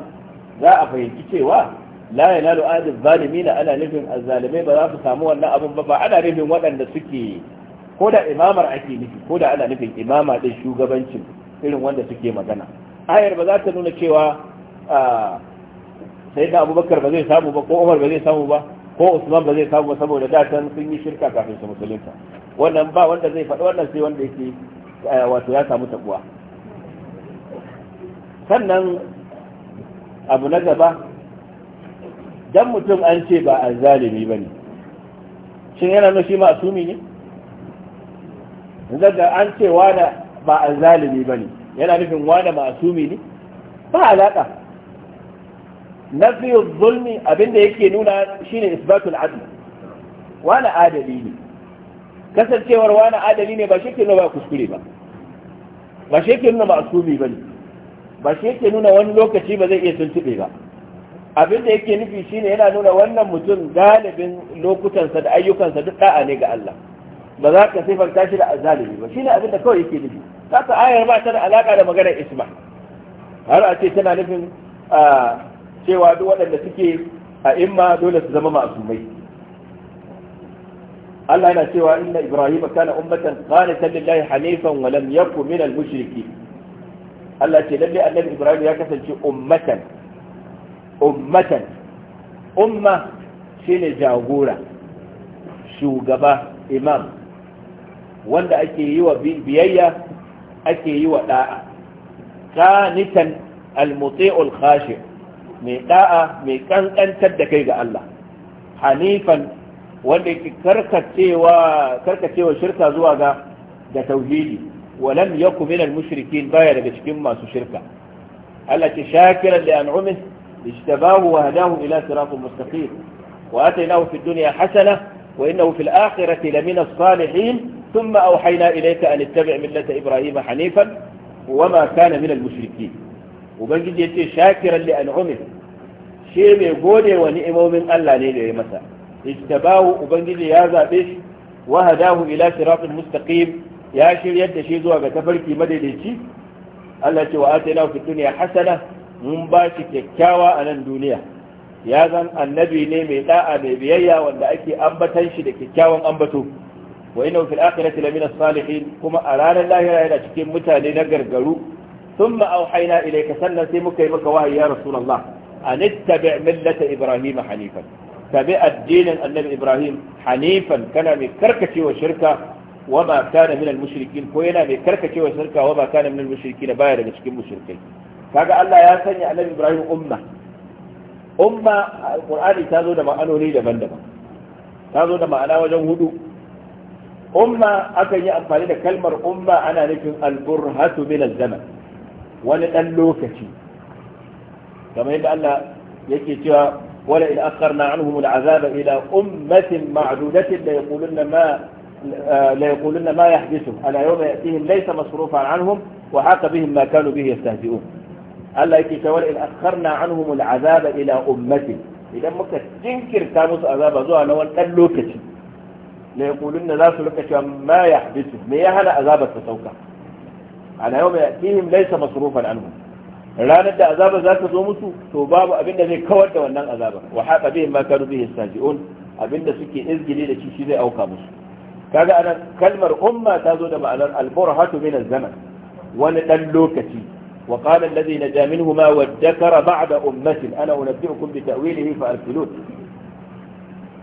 za a fahimci cewa la yanalu adil zalimina ana nufin azzalimai ba za su samu wannan abin ba ba ana nufin waɗanda suke ko da imamar ake nufi ko da ana nufin imama din shugabancin irin wanda suke magana ayar ba za ta nuna cewa sai da abubakar ba zai samu ba ko umar ba zai samu ba ko usman ba zai samu ba saboda datan sun yi shirka kafin su musulunta wannan ba wanda zai faɗi wannan sai wanda yake wato ya samu tabuwa sannan abu na gaba dan mutum an ce ba a ba ne. shin yana nuna shi ma asumi ne da an ce wani ba a zalimi ba ne yana nufin a sumi ne ba alaƙa Na fiye zulmi abinda yake nuna shi ne isbatul adl wani adali ne kasancewar wani adali ne ba shi ke nuna ba kuskure ba ba shi ke nuna ba sumi ba ne ba shi ke nuna wani lokaci ba zai iya tuntube ba abinda yake nufi ne yana nuna wannan mutum galibin lokutansa da ayyukansa duk da'a ne ga Allah ba za ka sifanta shi da azalimi ba shine abin da kawai yake nufi saka ayar ba ta da alaka da maganar isma har a ce tana nufin cewa duk waɗanda suke a imma dole su zama masumai Allah yana cewa inna Ibrahim kana ummatan qanitan lillahi hanifan wa lam yakun minal mushriki Allah ce lalle annabi Ibrahim ya kasance ummatan ummatan umma shine jagora shugaba imam wanda ake yi wa biyayya ake yi wa ta qanitan almuti'ul khashi mai da'a mai kankantar da kai ga Allah hanifan wanda yake karkacewa shirka zuwa ga da tauhidi walam yakun minal mushrikin baya daga cikin masu shirka Allah ce shakiran li an'umihi اجتباه وهداه إلى صراط مستقيم وآتيناه في الدنيا حسنة وإنه في الآخرة لمن الصالحين ثم أوحينا إليك أن اتبع ملة إبراهيم حنيفا وما كان من المشركين وبنجد يتي شاكرا لأنعمه shi mai gode wa imomin Allah ne da ya masa ijtabahu ubangiji ya zabe shi wa hadahu ya shiryar da shi zuwa ga tafarki madaidaici Allah ce wa atainahu fid dunya hasana mun ba kyakkyawa a nan duniya ya zan annabi ne mai da'a mai biyayya wanda ake ambatan shi da kyakkyawan ambato wa inna fil akhirati lamina salihin kuma a ranar lahira yana cikin mutane na gargaru thumma auhayna ilayka sannan sai muka yi maka wahayi ya rasulullah an ittabi millata ibrahim hanifan tabi addinin annabi ibrahim hanifan kana mai karkacewa shirka wa ba kana minal mushrikin ko yana mai karkacewa shirka wa ba kana minal mushrikin baya daga cikin mushrikai kaga Allah ya sanya annabi ibrahim umma umma alqur'ani ta zo da ma'anoni daban-daban ta zo da ma'ana wajen hudu umma akan yi amfani da kalmar umma ana nufin alburhatu min zaman wani dan lokaci kamar yadda Allah yake cewa wala in akharna anhum al'azaba ila ummatin ma'dudatin la yaquluna ma la yaquluna ma yahdithu ala yawma yatihim laysa masrufan anhum wa haqa bihim ma kanu bihi yastahzi'un Allah yake cewa wala in akharna anhum al'azaba ila ummatin idan muka jinkirta musu azaba zuwa na wani dan lokaci la yaqulun za su rika cewa ma yahbisu me ya hana azabar ta sauka ala yawma yatihim laysa masrufan anhu ranar da azabar za ta zo musu to babu abin da zai kawar da wannan azabar wa haqa bihim ma kanu bihi saji'un abinda suke izgili da shi shi zai auka musu kaga anan kalmar umma ta zo da ma'anar al-burhatu min az-zaman wani dan lokaci wa na alladhi ma wadda wa dhakara ba'da ummatin ana unabbi'ukum bi fa arsilun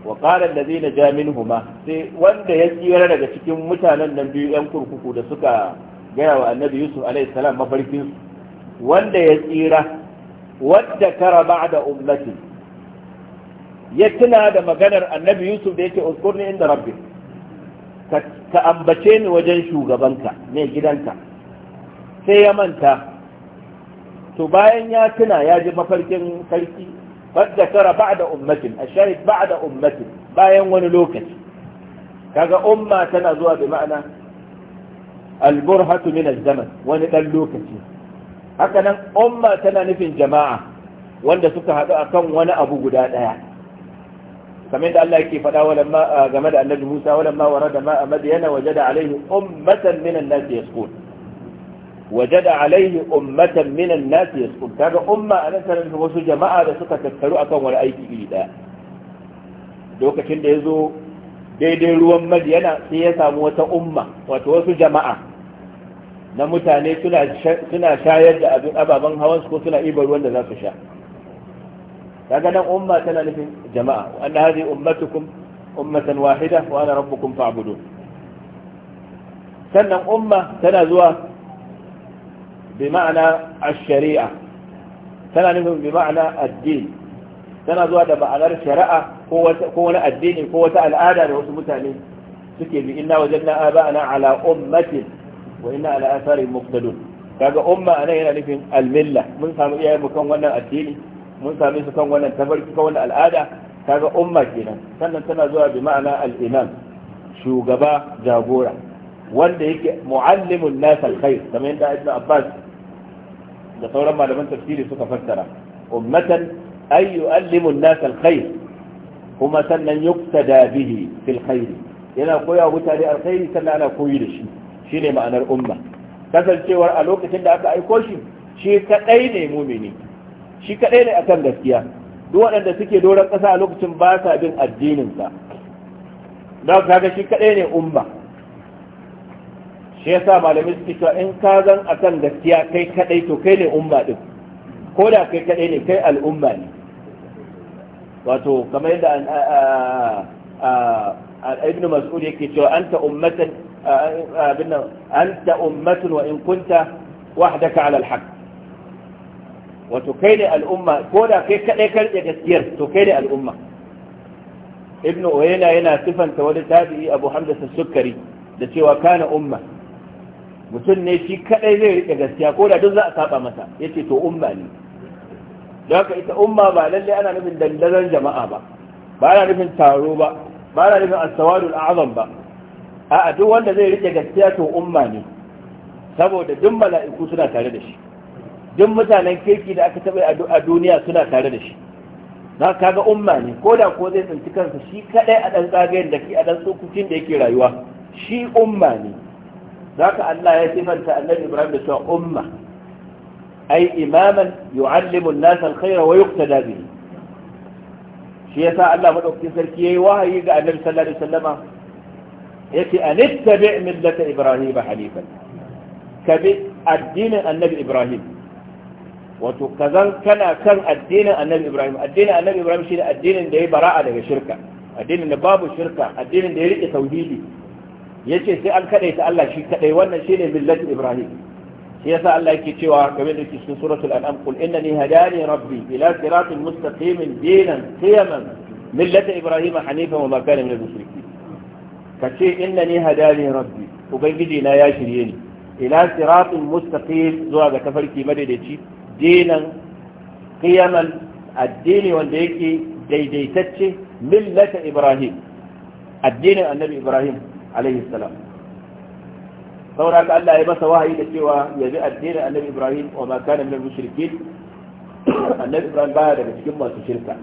wa qala allazina ja huma sai wanda ya tsira daga cikin mutanen nan biyu yan kurkuku da suka gaya wa annabi yusuf alaihi salam mafarkin wanda ya tsira wadda kara ba'da ummati ya tuna da maganar annabi yusuf da yake uskurni inda rabbi ka ambace ni wajen shugabanka ne gidanka sai ya manta to bayan ya tuna ya ji mafarkin sarki قد ذكر بعد أمة الشاهد بعد أمة باين ونلوكت كذا أمة تنزوها بمعنى البرهة من الزمن ونلوكت هكذا أمة تنانف جماعة wanda suka haɗu a kan wani abu guda ɗaya kamar da Allah yake faɗa game da annabi Musa walamma warada ma a Madiyana wajada alaihi ummatan minan nas yasqut Waje da alaihi ummatan minan nasi yasqum kaga umma anan tana wasu jama'a da suka tattaru akan wani aiki iri daya lokacin da ya zo daidai ruwan madiyana sai ya samu wata umma wato wasu jama'a na mutane suna shayar da abin ababen hawansu ko suna ibar da za su sha kaga nan umma tana nufin jama'a anna hadhihi ummatukum ummatan wahida wa ana rabbukum fa'budun sannan umma tana zuwa bi ma'ana ash tana nufin bi ma'ana addini tana zuwa da ma'anar shari'a ko wani addini ko wata al'ada da wasu mutane suke bi inna wajanna aba'ana ala ummatin wa inna ala athari muqtadun kaga umma anan yana nufin al-milla mun samu iyaye mu kan wannan addini mun same su kan wannan tabarki kan wannan al'ada kaga umma kenan sannan tana zuwa bi ma'ana al shugaba jagora wanda yake muallimun nas al-khair kamar da sauran malaman tafsiri suka fassara ummatan ay yu'allimu an al-khair kuma sannan yuktada bihi fil khair yana koya mutane alkhairi sannan ana koyi da shi shine ma'anar umma kasancewar a lokacin da aka aiko shi shi kadai ne mumini shi kadai ne akan gaskiya duk waɗanda suke doron ƙasa a lokacin ba sa bin addininsa don kaga shi kadai ne umma shi yasa malamai suke cewa in ka zan kan gaskiya kai kadai to kai ne umma din ko da kai kadai ne kai al'umma ne wato kamar yadda ibn mas'ud yake cewa anta ummatan abinna anta ummatun wa in kunta wahdaka ala alhaq wato kai ne al'umma ko da kai kadai ka rike gaskiyar to kai ne al'umma ibn uyayna yana sifanta wani tabi'i abu hamda as-sukkari da cewa kana umma mutum ne shi kadai zai rike gaskiya ko da duk za a saba masa yace to umma ne da haka ita umma ba lallai ana nufin dandazon jama'a ba ba ana nufin taro ba ba ana nufin as-sawadul a'zam ba a duk wanda zai rike gaskiya to umma ne saboda duk mala'iku suna tare da shi duk mutanen kirki da aka taɓa a duniya suna tare da shi za ka ga umma ne ko da ko zai tsinci kansa shi kadai a ɗan tsagayen da ke a ɗan tsokokin da yake rayuwa shi umma ne Za ka Allah ya sifanta annabi Ibrahim da cewa umma ai imaman yu'allimu an-nasa al-khayra wa yuqtada bihi shi yasa Allah madaukakin sarki yayi wahayi ga annabi sallallahu alaihi wasallama yace anittabi' millata ibrahim hanifan bi addinin annabi ibrahim wato kazan kana kan addinin annabi ibrahim addinin annabi ibrahim shi ne addinin da ya bara'a daga shirka addinin da babu shirka addinin da ya rike tauhidi yace sai an kaɗai kadaita Allah shi kaɗai wannan shi ne millati Ibrahim shi yasa Allah yake cewa game da cikin suratul an'am qul innani hadani rabbi ila siratin mustaqim dinan qiyaman millata Ibrahim hanifan wa ma kana minal mushrikeen kace innani hadani rabbi ubangiji na ya shirye ni ila siratin mustaqim zuwa ga tafarki madaidaici dinan qiyaman addini wanda yake daidaitacce millata Ibrahim addinin annabi Ibrahim عليه السلام فوراك ألا يبس واحد سوى يبيع الدين النبي إبراهيم وما كان من المشركين النبي إبراهيم بعد بشكل ما تشركا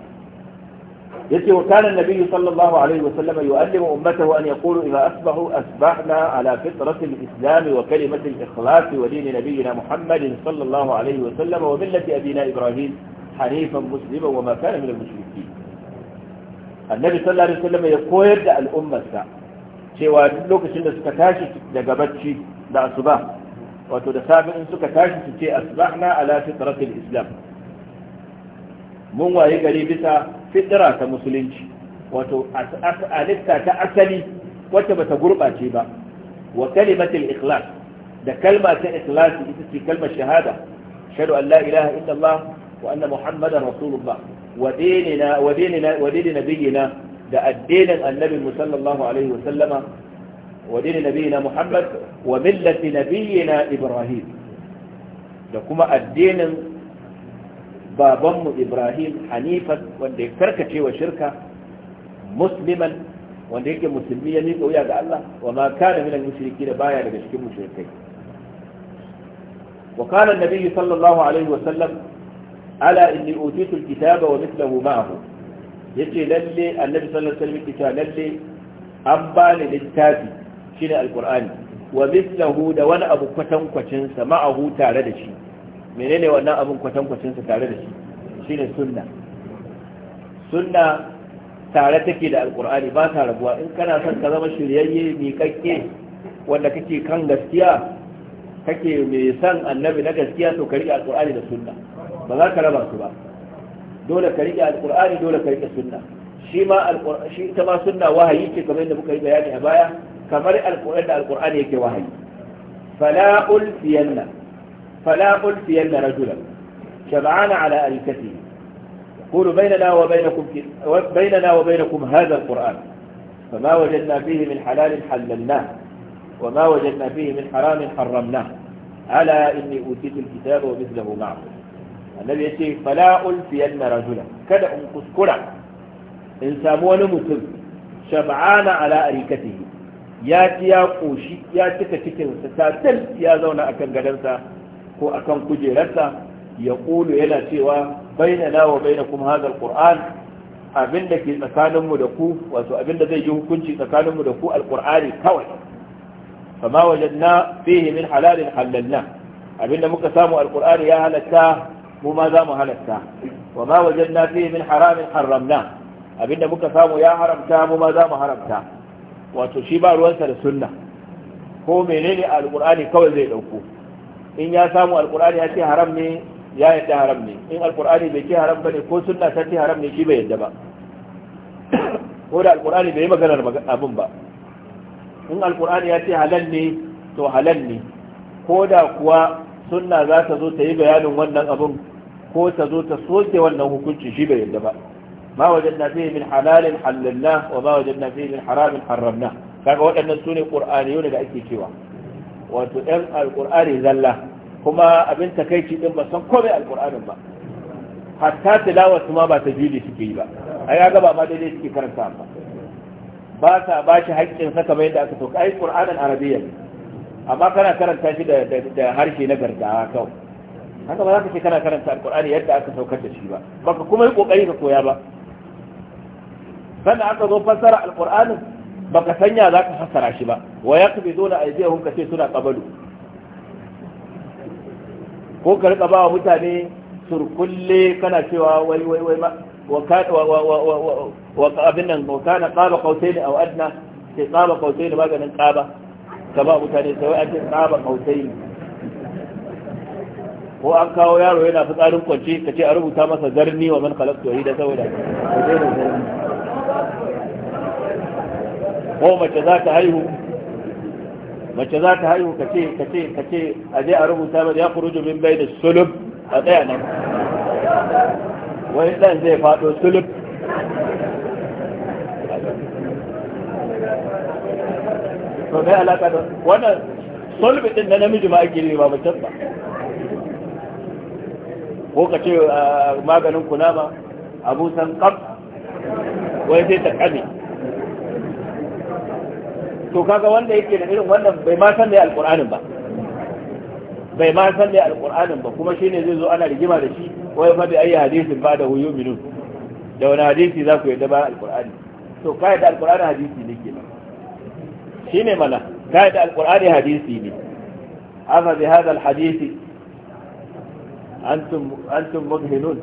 يسي وكان النبي صلى الله عليه وسلم يؤلم أمته أن يقول إذا أصبحوا أصبحنا على فطرة الإسلام وكلمة الإخلاص ودين نبينا محمد صلى الله عليه وسلم وملة أبينا إبراهيم حنيفا مسلما وما كان من المشركين النبي صلى الله عليه وسلم يقول الأمة السعر cewa lokacin da suka tashi daga bacci da asuba wato da safe suka tashi su ce asbahna ala fitratil islam mun waye gari bisa fitra ta musulunci wato alitta ta asali wacce bata gurbace ba wa kalimatul ikhlas da kalma ta ikhlasi ita ce kalmar shahada shahadu an la ilaha illallah wa anna muhammadar rasulullah wa dinina wa dinina wa dinina da addinin annabi sallallahu alaihi wasallama wa dinin nabiyina Muhammad wa millati nabiyina Ibrahim da kuma addinin babanmu Ibrahim hanifan wanda ya karkace wa shirka musliman wanda yake musulmi ya miƙa wuya ga Allah wa ma kana minal mushriki da baya daga cikin mushrikai wa kana annabi sallallahu alaihi wasallam ala inni utitu alkitaba wa mithluhu ma'ahu yace lalle annabi sallallahu alaihi wasallam lalle an bani littafi shine alqur'ani wa mithlahu da wani abu kwatan kwacin sa ma'ahu tare da shi menene wannan abun kwatan kwacin sa tare da shi shine sunna sunna tare take da alqur'ani ba ta rabuwa in kana son ka zama shiryayye miƙaƙƙe wanda kake kan gaskiya kake mai son annabi na gaskiya to ka riƙe alqur'ani da sunna ba za ka raba su ba dole ka rike alqur'ani dole ka rike sunna shi ma shi ita ma sunna wahayi ce kamar yadda muka yi bayani a baya kamar alqur'ani da alqur'ani yake wahayi fala ulfiyanna fala ulfiyanna rajulan shab'ana ala arikatihi يقول بيننا وبينكم بيننا وبينكم هذا القرآن فما وجدنا فيه من حلال حللناه وما وجدنا فيه من حرام حرمناه ألا إني أوتيت الكتاب ومثله معه annabi ya ce fala ulfiyar na rajula kada in kuskura in samu wani mutum shab'ana ala arikatihi ya ci ya koshi ya cika cikinsa tatal ya zauna akan gadansa ko akan kujerarsa ya kulu yana cewa bainana wa baina kuma alquran abin abinda ke tsakaninmu da ku wato abinda zai yi hukunci tsakaninmu da ku alqur'ani kawai fama wajadna fihi min halalin halalna abin da muka samu alqur'ani ya halatta mu ma za mu halatta wa ma wajen na fihi min haramin haramna abinda muka samu ya haramta mu ma za mu haramta wato shi ba ruwansa da sunna ko menene Alƙur'ani kawai zai ɗauko, in ya samu Alƙur'ani ya ce haram ne ya yadda haram ne in Alƙur'ani bai ce haram bane ko sunna ta ce haram ne shi bai yadda ba ko da Alƙur'ani bai yi maganar abin ba in Alƙur'ani ya ce halal ne to halal ne ko da kuwa sunna za ta zo ta yi bayanin wannan abun ko ta zo ta soke wannan hukuncin shi bai yadda ba ma wajadna fihi min halalin halalna wa ma wajadna fihi min haramin haramna kaga waɗannan sune qur'ani da ake cewa wato ɗan Alƙur'ani zalla kuma abin takeici ɗin ba san komai alqur'anin ba hatta tilawar ma ba ta jili suke yi ba a ya gaba ma daidai suke karanta ba ba sa ba shi haƙƙin saka mai da aka sauka ai qur'anin arabiyya amma kana karanta shi da harshe na gargawa kawai haka ba za ka ce kana karanta alkur'ani yadda aka saukar da shi ba baka kuma yi kokari ka koya ba sannan aka zo fassara alkur'ani baka sanya za ka fassara shi ba wa ya a zo na aidiyahun hunka ce suna kabalu ko ka rika ba wa mutane surkulle kana cewa wai wai wai wa abin nan wa kana qaba qausaini aw adna sai qaba qausaini maganin qaba ka ba mutane sai an ce tsaba kausai ko an kawo yaro yana fitsarin kwance ka ce a rubuta masa zarni wa man khalaqtu wahida saboda ko mace za ta haihu mace za ta haihu ka ce ka ce ka ce a je a rubuta masa ya khuruju min bayna sulub a tsaya nan wani dan zai faɗo sulub to mai alaka da wannan solve din na namiji ma ake ba mace ba ko ka ce ah, maganin kunama abu san kaf wai sai ta kame to kaga wanda yake da irin wannan bai ma san da alqur'anin ba bai ma san da alqur'anin ba kuma shine zai zo ana rigima da shi wai fa bi ayi hadisin ba da wuyu minu da wani hadisi za ku yadda ba alqur'ani to kai da alqur'ani hadisi ne ke shine mana kai da alqur'ani hadisi ne amma bi hada alhadisi antum antum mudhinun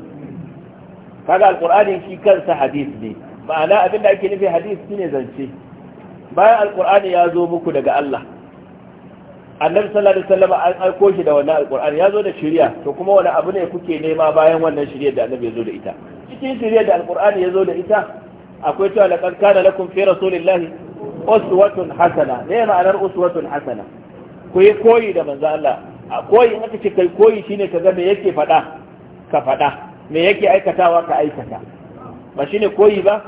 kaga alqur'ani shi kansa hadisi ne ma'ana abin da ake nufi hadisi shine zance bayan alqur'ani ya zo muku daga Allah annabi sallallahu alaihi wasallam an aiko shi da wannan alqur'ani ya zo da shari'a to kuma wani abu ne kuke nema bayan wannan shari'a da annabi ya zo da ita cikin shari'a da alqur'ani ya zo da ita akwai cewa laqad kana lakum fi rasulillahi uswatun hasana ne ma'anar uswatun hasana ku yi koyi da manzo Allah a koyi in aka ce kai koyi shine kaga me yake faɗa ka faɗa me yake aikatawa ka aikata ba shine koyi ba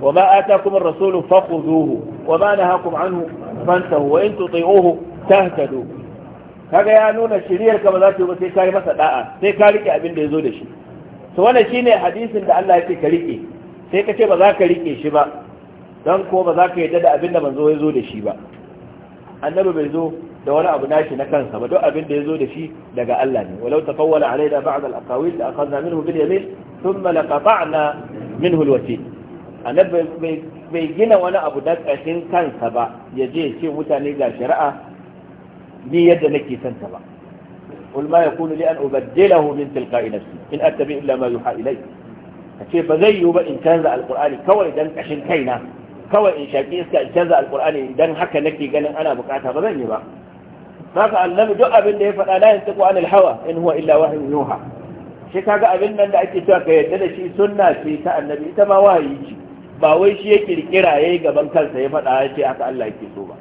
wa ma atakum ar-rasul fakhuduhu wa ma nahakum anhu fantahu wa in tuti'uhu tahtadu kaga ya nuna shiriyar ka ba za ta yi ba sai ka yi masa da'a sai ka rike abin da ya zo da shi to wannan shine hadisin da Allah ya ce ka rike sai ka ce ba za ka rike shi ba don ko ba za ka yadda da abin da manzo ya zo da shi ba annabi bai zo da wani abu nashi na kansa ba duk abin da ya zo da shi daga Allah ne walau tafawwala alaina ba'd al-aqawil la akhadna minhu bil yamin thumma laqata'na minhu al-wasil annabi bai gina wani abu da kashin kansa ba ya je ce mutane ga shari'a ni yadda nake son ta ba qul ma yakunu li an ubaddilahu min tilqa'i nafsi in attabi illa ma yuha ilayya kace ba zai yiwu ba in canza alkur'ani kawai dan kashin kaina kawai in shaƙi iska in canza alƙur'ani dan haka nake ganin ana bukata ba zan yi ba haka annabi duk abin da ya faɗa la yantiqu anil hawa in huwa illa wahyun yuha shi kaga abin nan da ake cewa ka yarda da shi sunna ce ta annabi ita ma wahayi ce ba wai shi ya kirkira yayi gaban kansa ya faɗa ya ce haka Allah yake so ba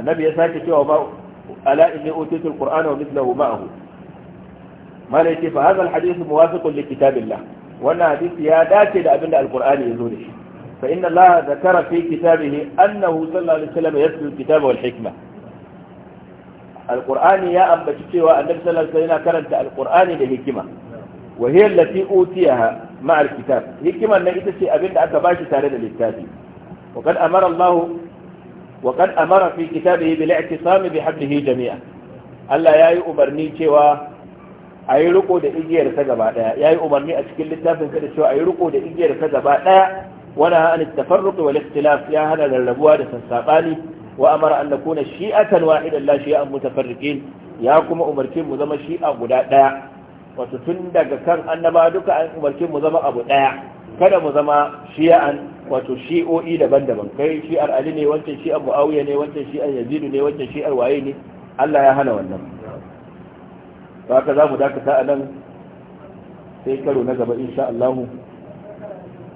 annabi ya sake cewa ba ala inni utitu alqur'ana wa mithluhu ma'ahu malai ce fa hadha alhadith muwafiqun li kitabillah wannan hadisi ya dace da abin da alqur'ani ya zo da shi فإن الله ذكر في كتابه أنه صلى الله عليه وسلم يتلو الكتاب والحكمة القرآن يا أم بشكوى النبي صلى الله عليه وسلم كانت القرآن لهكمة وهي التي أوتيها مع الكتاب هكمة أن إتسي أبن أكباشي تارد للتابي وقد أمر الله وقد أمر في كتابه بالاعتصام بحبله جميعا ألا يا أمرني شوى a yi riko da igiyar ta gaba daya ya yi umarni a cikin littafin kada cewa a yi riko da igiyar ta gaba daya ونهى عن التفرق والاختلاف يا هنا للربوة لسنساقاني وأمر أن نكون شيئة واحدا لا شيئا متفرقين يا كما أمركم مزم شيئا قداء داع وتتندق كان duka بعدك umarci mu zama abu داع kada mu zama shi'an wato shi'o'i daban-daban kai shi'ar ali ne wancan shi'ar muawiya ne wancan shi'ar yazidu ne wancan shi'ar waye ne Allah ya hana wannan ba ka za mu dakata a nan sai karo na gaba insha Allah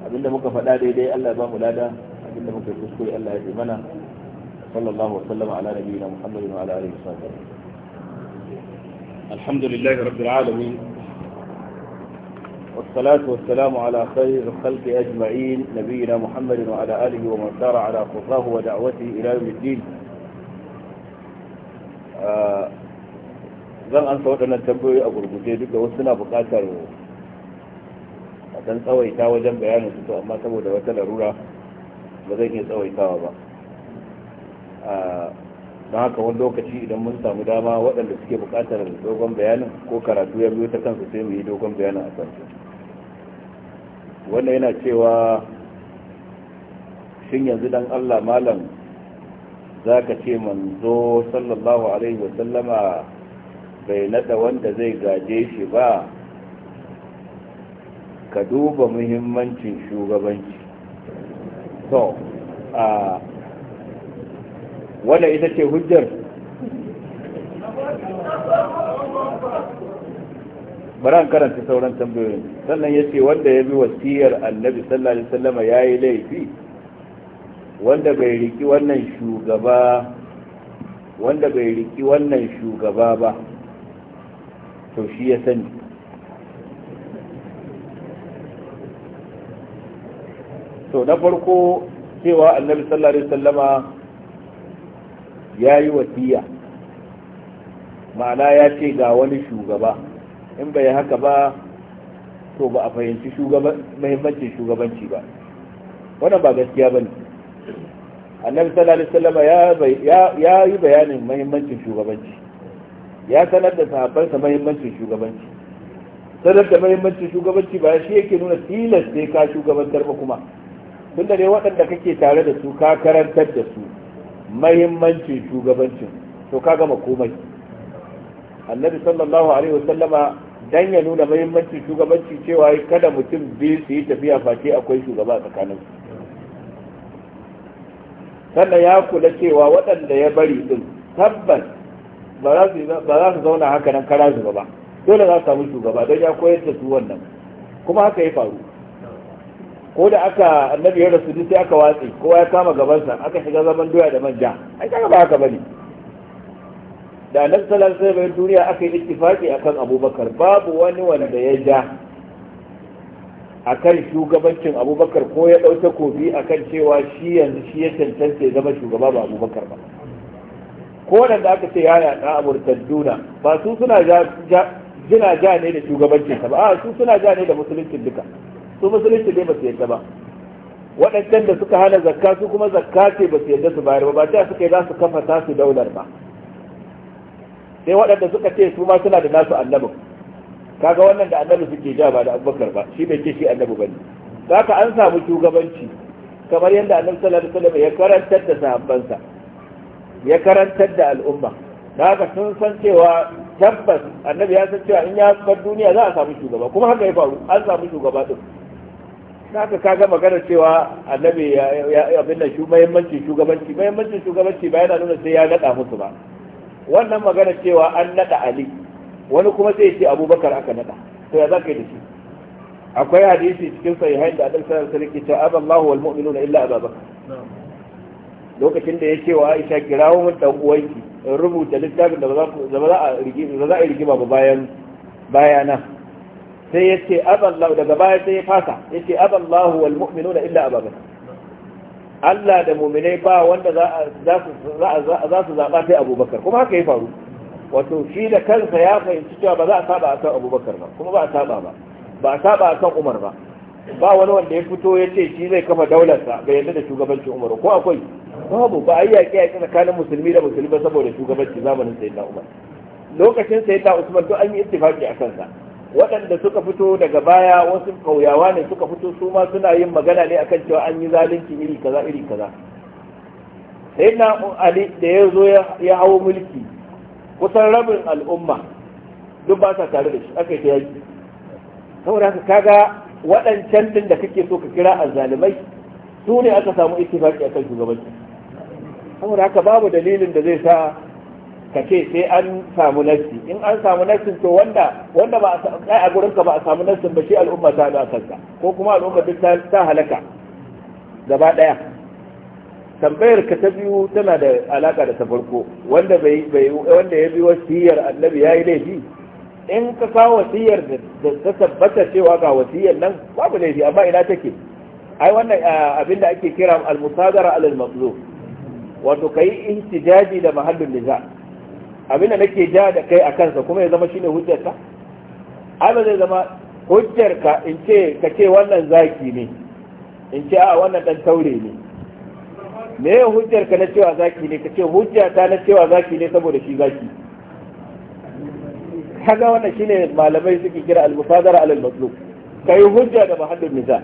abinda muka faɗa daidai Allah ba mu lada abinda muka yi kuskure Allah ya mana sallallahu alaihi wa sallam ala nabiyina muhammadin wa ala alihi wa sahbihi alhamdulillahi rabbil alamin والصلاة والسلام على خير الخلق أجمعين نبينا محمد وعلى آله ومن سار ala خطاه wa إلى يوم الدين zan an sa waɗannan tambayoyi a gurguje duk da wasu na buƙatar dan tsawaita wajen bayanin su to amma saboda wata larura ba zai iya tsawaitawa ba don haka wani lokaci idan mun samu dama waɗanda suke buƙatar dogon bayanin ko karatu ya biyo ta kansu sai mu yi dogon bayanin a kansu wannan yana cewa shin yanzu dan allah malam zaka ka ce manzo sallallahu alaihi wasallama bai nada wanda zai gaje shi ba ka duba muhimmancin shugabanci to a wanda ita ce hujjar baran karanta sauran tambayoyin sannan ya ce wanda ya bi wasiyar annabi sallallahu alaihi wasallama ya yi laifi wanda bai riki wannan shugaba wanda bai riki wannan shugaba ba to shi ya sani to na farko cewa annabi sallallahu alaihi wasallama ya yi wasiya ma'ana ya ce ga wani shugaba in bai haka ba to ba a fahimci muhimmancin shugabanci ba wannan ba gaskiya ba ne annabi sallallahu alaihi wasallama ya yi bayanin muhimmancin shugabanci ya sanar da sahabbansa muhimmancin shugabanci sanar da muhimmancin shugabanci ba shi yake nuna tilas sai ka shugabantar ba kuma tunda ne waɗanda kake tare da su ka karantar da su mahimmancin shugabancin to ka gama komai annabi sallallahu alaihi wasallama dan ya nuna mahimmancin shugabanci cewa kada mutum biyu su yi tafiya face akwai shugaba tsakanin sannan ya kula cewa waɗanda ya bari din tabbas ba za su zauna haka nan kara zuba ba dole za su samu shugaba don ya koyar da su wannan kuma haka ya faru ko da aka annabi ya rasu sai aka watsi kowa ya kama gabansa aka shiga zaman doya da manja ai kaga ba haka bane da annabi sallallahu alaihi wasallam duniya aka yi ittifaki akan abubakar babu wani wanda ya ja akan shugabancin abubakar ko ya dauke kofi akan cewa shi yanzu shi ya cancanta ya zama shugaba ba abubakar ba ko da aka ce ya yaɗa a murtadduna ba su suna ja ne da shugabancinsa ba a su suna ja ne da musuluncin duka su musulunci ne ba su yadda ba waɗancan da suka hana zakka su kuma zakka ce ba su yadda su bayar ba ba ta suka yi za su kafa tasu daular ba sai waɗanda suka ce su ma suna da nasu annabin kaga wannan da annabi suke ja ba da abubakar ba shi bai ce shi annabi ba ne haka an samu shugabanci kamar yadda annabi sallallahu alaihi wasallam ya karantar da sahabbansa ya karantar da al'umma haka sun san cewa tabbas annabi ya san cewa in ya bar duniya za a samu shugaba kuma haka ya faru an samu shugaba din haka ka ga magana cewa annabi ya abin da muhimmancin shugabanci muhimmancin shugabanci ba yana nuna sai ya nada musu ba wannan magana cewa an nada ali wani kuma sai ce abubakar aka nada to ya zaka yi da shi akwai hadisi cikin sahihain da annabi sallallahu alaihi wasallam ya ce aballahu wal mu'minuna illa ababakar lokacin da ya ce wa Aisha kirawo mun dan uwanki in rubuta littafin da ba za a rigima ba bayan bayana sai ya ce aballahu daga baya sai ya fasa ya ce aballahu wal da illa ababa Allah da mu'minai ba wanda za su zaɓa sai abubakar kuma haka ya faru wato shi da kansa ya fahimci cewa ba za a saba a akan abubakar ba kuma ba a saba ba ba a saba a san umar ba ba wani wanda ya fito ya ce shi zai kafa daularsa ga yadda da shugabancin umar ko akwai babu ba a yi yaƙi yaƙi tsakanin musulmi da musulmi saboda shugabanci zamanin sayyidina umar lokacin sayyidina usman to an yi ittifaqi a kansa waɗanda suka fito daga baya wasu kauyawa ne suka fito su ma suna yin magana ne akan cewa an yi zalunci iri kaza iri kaza sai na ali da ya zo ya hawo mulki kusan rabin al'umma duk ba sa tare da shi aka yi yaki saboda haka kaga waɗancan din da kake so ka kira azzalimai su ne aka samu ittifaki akan shugabanci saboda haka babu dalilin da zai sa ka ce sai an samu nassi in an samu nassin to wanda wanda ba a a gurin ka ba a samu nassin ba shi al'umma ta da kanka ko kuma al'umma duk ta halaka gaba daya tambayar ka ta biyu tana da alaka da ta farko wanda bai bai wanda ya bi wasiyar annabi yayi laifi in ka kawo wasiyar da ta tabbata cewa ga wasiyar nan babu laifi amma ina take ai wannan abin da ake kira al-musadara al-mazlum wato kai ihtijaji da mahallin niza abin da nake ja da kai a kansa kuma ya zama shine hujjarka ai ba zai zama hujjarka in ce ka ce wannan zaki ne in ce a wannan dan taure ne me ya hujjarka na cewa zaki ne ka ce hujjata na cewa zaki ne saboda shi zaki kaga wannan shine malamai suke kira al-musadara alal matlub kai hujja da mahallin nisa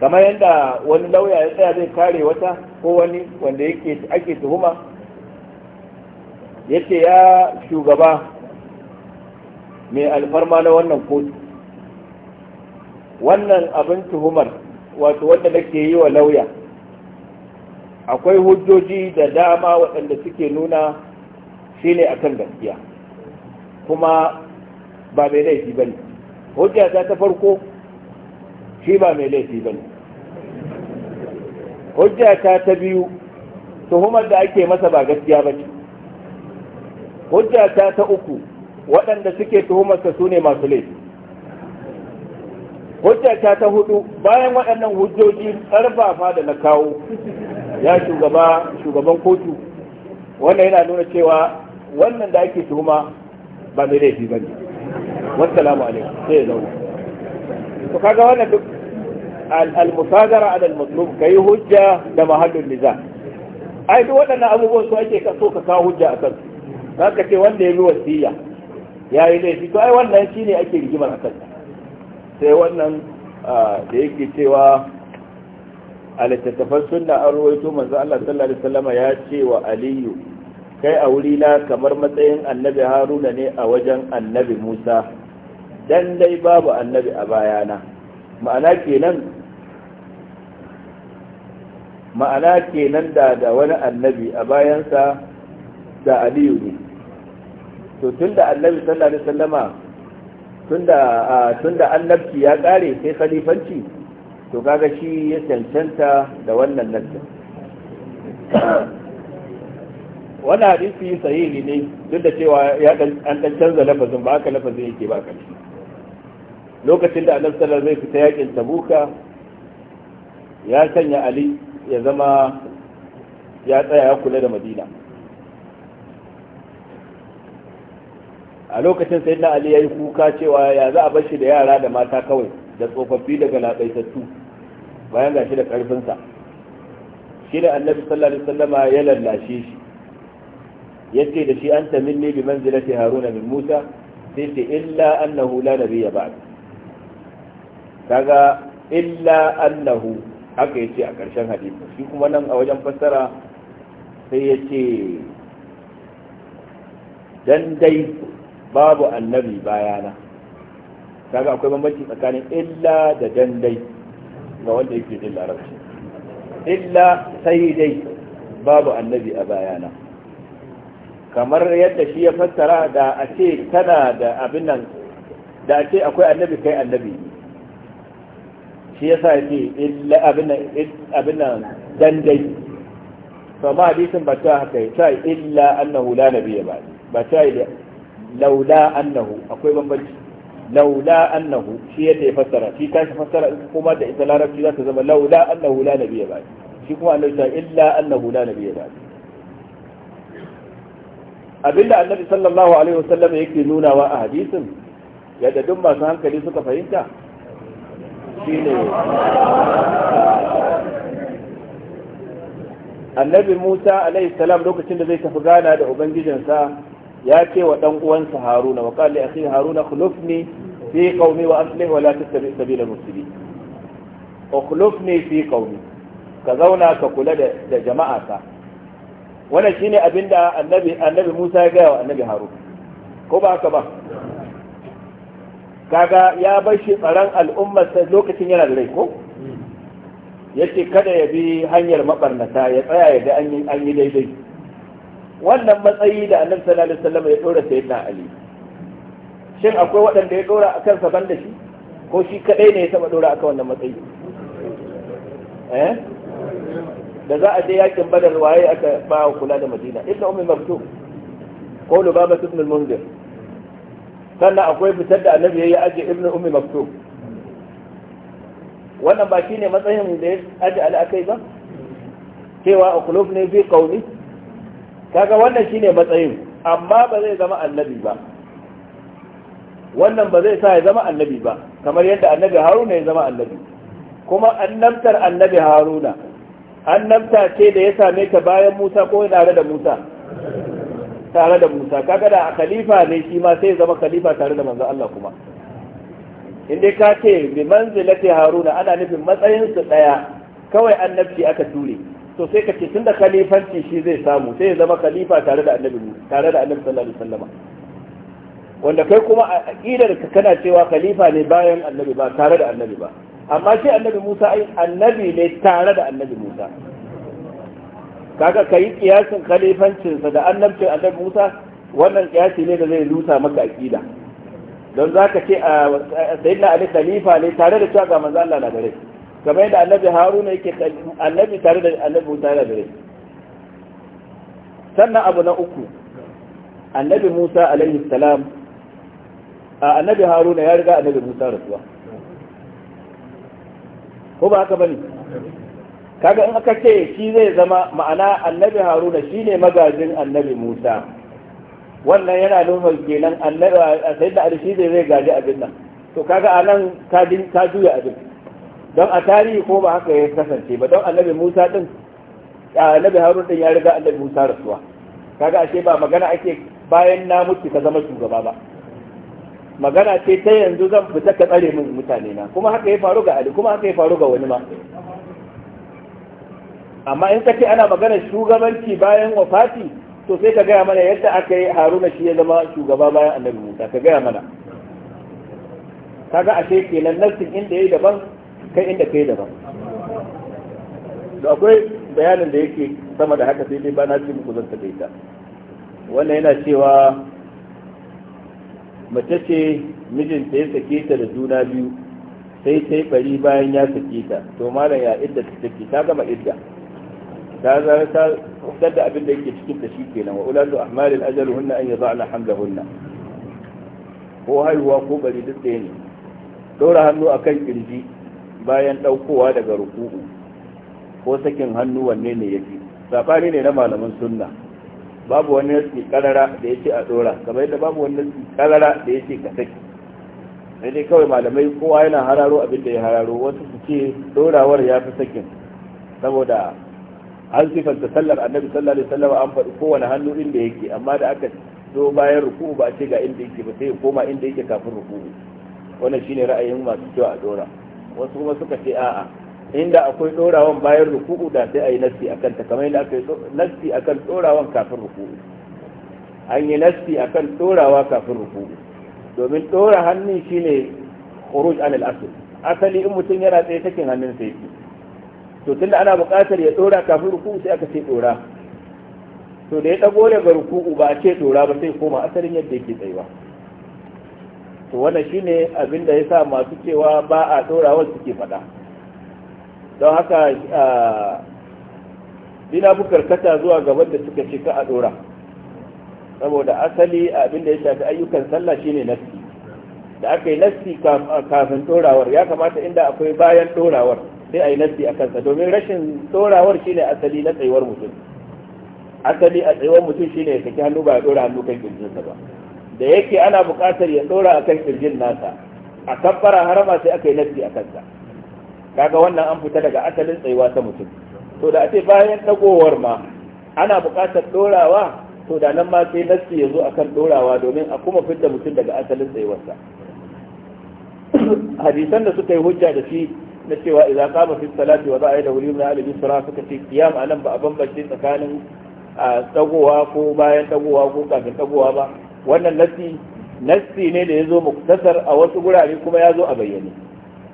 kamar yadda wani lauya ya tsaya zai kare wata ko wani wanda yake ake tuhuma Yake ya shugaba mai alfarma na wannan kotu wannan abin tuhumar wato wanda nake yi wa lauya akwai hujjoji da dama waɗanda suke nuna shi ne akan gaskiya kuma ba mai laifi ba ne hujja ta farko shi ba mai laifi ba ne hujja ta ta biyu tuhumar da ake masa ba gaskiya ba ce hujja ta ta uku waɗanda suke tuhumarsa su ne masu laifi hujja ta ta hudu bayan waɗannan hujjoji ƙarfafa da na kawo ya shugaba shugaban kotu wanda yana nuna cewa wannan da ake tuhuma ba mai laifi ba ne wassalamu alaikum sai ya zauna to kaga wannan duk al-musagara ala al-matlub kai hujja da mahallin nizam. ai duk waɗannan abubuwan su ake so ka kawo hujja a kansu za ce wanda ya bi wasiya ya yi laifi to ai wannan shi ne ake rigimar a kansa sai wannan da yake cewa a littattafan sunna an ruwaito manzo Allah sallallahu alaihi wasallam ya ce wa Aliyu kai a wuri na kamar matsayin annabi Haruna ne a wajen annabi Musa dan dai babu annabi a bayana ma'ana kenan ma'ana kenan da da wani annabi a bayansa da Aliyu ne to tunda annabi sallallahu alaihi wasallama tunda tunda annabci ya kare sai khalifanci to kaga shi ya cancanta da wannan nassin wannan hadisi sahihi ne duk da cewa ya an dan canza lafazin ba aka lafazin yake ba ka. lokacin da annabi sallallahu alaihi zai fita yakin tabuka ya sanya ali ya zama ya tsaya ya kula da madina a lokacin sai na ali ya yi kuka cewa ya za a bashi da yara da mata kawai da tsofaffi daga latsaitattu bayan ga shi da karfinsa shi da annabi sallallahu alaihi wasallama ya lallashe shi yace da shi anta minni bi manzilati haruna min musa sai ce illa annahu la nabiyya ba. kaga illa annahu haka yace a ƙarshen hadisi shi kuma nan a wajen fassara sai yace dan dai babu annabi bayana kaga akwai bambanci tsakanin illa da dandai ga wanda yake jin larabci illa sai dai babu annabi a bayana kamar yadda shi ya fassara da a ce tana da abin nan da a ce akwai annabi kai annabi shi ya sa ce illa abin nan dandai to ma hadisin ba ta haka ya ta illa annahu la nabiyya ba ba ta laula annahu akwai bambanci laula annahu shi yadda ya fassara shi tashi fassara kuma da ita larabci za ta zama laula annahu la nabiyya ba shi kuma annabi ta illa annahu la nabiyya ba abinda annabi sallallahu alaihi wasallam yake nunawa a hadisin yadda duk masu hankali suka fahimta shine annabi Musa alaihi salam lokacin da zai tafi gana da ubangijinsa ya ce wa ɗan uwansa haruna wa qala a cikin haruna khulufni fi qaumi wa aslih wa la tattabi sabila wa ukhlufni fi qaumi ka zauna ka kula da jama'a jama'ata wannan shine abinda annabi annabi Musa ya gaya wa annabi Harun ko ba haka ba kaga ya bar shi tsaron al'ummar sa lokacin yana da rai ko yace kada ya bi hanyar mabarnata ya tsaya ya ga an yi daidai wannan matsayi da annabi sallallahu alaihi wasallam ya dora na ali shin akwai waɗanda ya dora akan sa banda shi ko shi kadai ne ya taba dora akan wannan matsayi eh da za a je yakin badar waye aka ba kula da madina ibn ummi maktum ko lubaba ibn al-munzir sannan akwai fitar da annabi yayi aje ibn ummi maktum wannan ba shine matsayin da ya aje ali akai ba cewa akhluf ne bi qawli kaga wannan shine matsayin amma ba zai zama annabi ba wannan ba zai sa ya zama annabi ba kamar yadda annabi haruna ya zama annabi kuma annabtar annabi haruna annabta ce da ya same ta bayan musa ko tare da musa tare da musa kaga da khalifa ne shi ma sai ya zama khalifa tare da manzo Allah kuma in dai ka ce bi manzilati haruna ana nufin matsayin su daya kawai annabci aka ture to sai ka ce tunda khalifanci shi zai samu sai ya zama khalifa tare da annabi tare da annabi sallallahu alaihi wasallam wanda kai kuma a aqidar ka kana cewa khalifa ne bayan annabi ba tare da annabi ba amma shi annabi Musa ai annabi ne tare da annabi Musa kaga kai kiyasin khalifancin sa da annabcin annabi Musa wannan kiyasi ne da zai lusa maka aqida don zaka ce a ah, sayyidina Ali khalifa ne tare da cewa ga manzo Allah na gare rai kamar yadda annabi haruna yake annabi tare da annabi musa da rai sannan abu na uku annabi musa alaihi salam a annabi haruna ya riga annabi musa rasuwa ko ba haka bane kaga in aka ce shi zai zama ma'ana annabi haruna shine magajin annabi musa wannan yana nufin kenan annabi sai da arshi zai zai gaji abin nan to kaga anan ka ka juya abin don a tarihi ko ba haka ya kasance ba don annabi musa din annabi harun din ya riga annabi musa rasuwa kaga ashe ba magana ake bayan na mutu ka zama shugaba ba magana ce ta yanzu zan fita ka tsare min mutane na kuma haka ya faru ga ali kuma haka ya faru ga wani ma amma in kace ana magana shugabanci bayan wafati to sai ka gaya mana yadda aka yi haruna shi ya zama shugaba bayan annabi musa ka gaya mana kaga ashe kenan nassin inda yayi daban kai inda kai daban da akwai bayanin da yake sama da haka sai dai ba na ce muku zan taɓe wannan yana cewa mace ce mijinta ya sake ta da juna biyu sai sai bari bayan ya sake ta to malam ya idda ta take ta gama idda ta zara ta da abin da yake cikin ta shikenan wa ulatu ahmalil ajal hunna an yada'na hamlahunna ko haihuwa ko bari duk da ne dora hannu akan kirji bayan ɗaukowa daga ruku'u ko sakin hannu wanne ne ya fi saɓani ne na malaman sunna babu wani nasi ƙarara da ya ce a ɗora kamar yadda babu wani nasi ƙarara da ya ce ka saki sai dai kawai malamai kowa yana hararo abin da ya hararo wasu su ce ɗorawar ya fi sakin saboda an sifanta sallar annabi sallallahu alaihi wasallam an faɗi kowane hannu inda yake amma da aka zo bayan ruku'u ba a ce ga inda yake ba sai ya koma inda yake kafin ruku'u wannan shine ra'ayin masu cewa a ɗora wasu kuma suka ce a'a inda akwai dorawan bayan ruku'u da sai a yi nassi akan ta kamar yadda aka yi nassi akan dorawan kafin ruku'u an yi nassi akan dorawa kafin ruku'u domin dora hannun shine khuruj anil asl asali in mutum yana tsaye sakin hannun sai to tunda ana buƙatar ya dora kafin ruku'u sai aka ce dora to da ya dago daga ruku'u ba a ce dora ba sai koma asalin yadda yake tsayuwa to wannan shine abin da yasa masu cewa ba a dorawa suke faɗa don haka dina bukarkata zuwa gaban da suka ce ka a dora saboda asali abin da ya shafi ayyukan sallah shine nafsi da aka yi nafsi kafin dorawar ya kamata inda akwai bayan dorawar sai a yi nafsi a kansa domin rashin dorawar shine asali na tsayuwar mutum asali a tsayuwar mutum shine ya saki hannu ba a dora hannu kan kirjinsa ba da yake ana buƙatar ya ɗora a kan ƙirjin nasa a kabbara harama sai aka yi nafi a kansa kaga wannan an fita daga asalin tsayuwa ta mutum to da ake bayan ɗagowar ma ana buƙatar ɗorawa to da nan ma sai nafi ya zo a kan ɗorawa domin a kuma fidda mutum daga asalin tsayuwarsa hadisan da suka yi hujja da shi na cewa idza qama fi salati wa za'a lahu yumna ala yusra suka ce qiyam anan ba a bambance tsakanin tsagowa ko bayan tsagowa ko kafin tsagowa ba wannan nassi nassi ne da ya zo muktasar a wasu gurare kuma ya zo a bayyane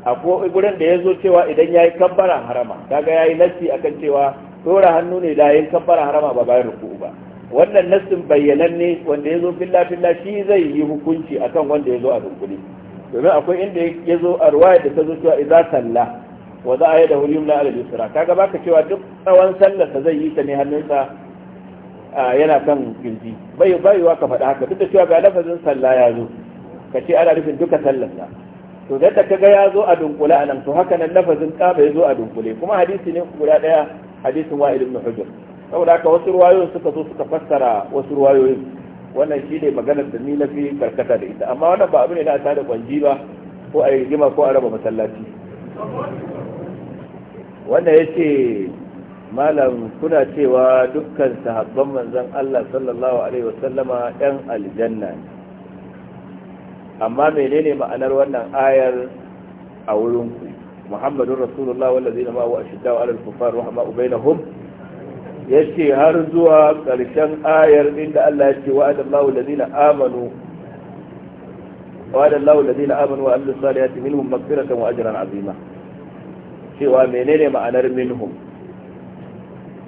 akwai gurin da ya zo cewa idan ya yi kabbara harama kaga ya yi nassi akan cewa tora hannu ne da yin kabbara harama ba bayan ruku'u ba wannan nassin bayyanan ne wanda ya zo filla filla shi zai yi hukunci akan wanda ya zo a dunkule domin akwai inda yazo zo a ruwaya da ta zo cewa idza salla wa za a yi da hulim na alal yusra kaga baka cewa duk tsawon sallarsa zai yi ta ne hannunsa yana kan kirji bai bayuwa ka faɗa haka duk da cewa ga lafazin sallah ya zo ka ce ana nufin duka da to da ta kaga ya zo a dunkule a nan to haka nan lafazin kaba ya zo a dunkule kuma hadisi ne guda daya hadisin wa'il ibn hujr saboda haka wasu ruwayoyin suka zo suka fassara wasu ruwayoyin wannan shi ne maganar da ni na fi karkata da ita amma wannan ba abu ne na ta da kwanji ba ko a rigima ko a raba masallaci wannan ya ce malam kuna cewa dukkan sahabban manzon Allah sallallahu alaihi wasallama ɗan aljanna ne amma menene ma'anar wannan ayar a wurin ku muhammadun rasulullah wallazi na ma'u a shidda wa kufar rahama ubainahum ya ce har zuwa ƙarshen ayar inda Allah ya ce wa'adan ma'u lazi na amanu wa'adan ma'u lazi na amanu wa allu salihati minhum magfiratan wa ajran azima cewa menene ma'anar minhum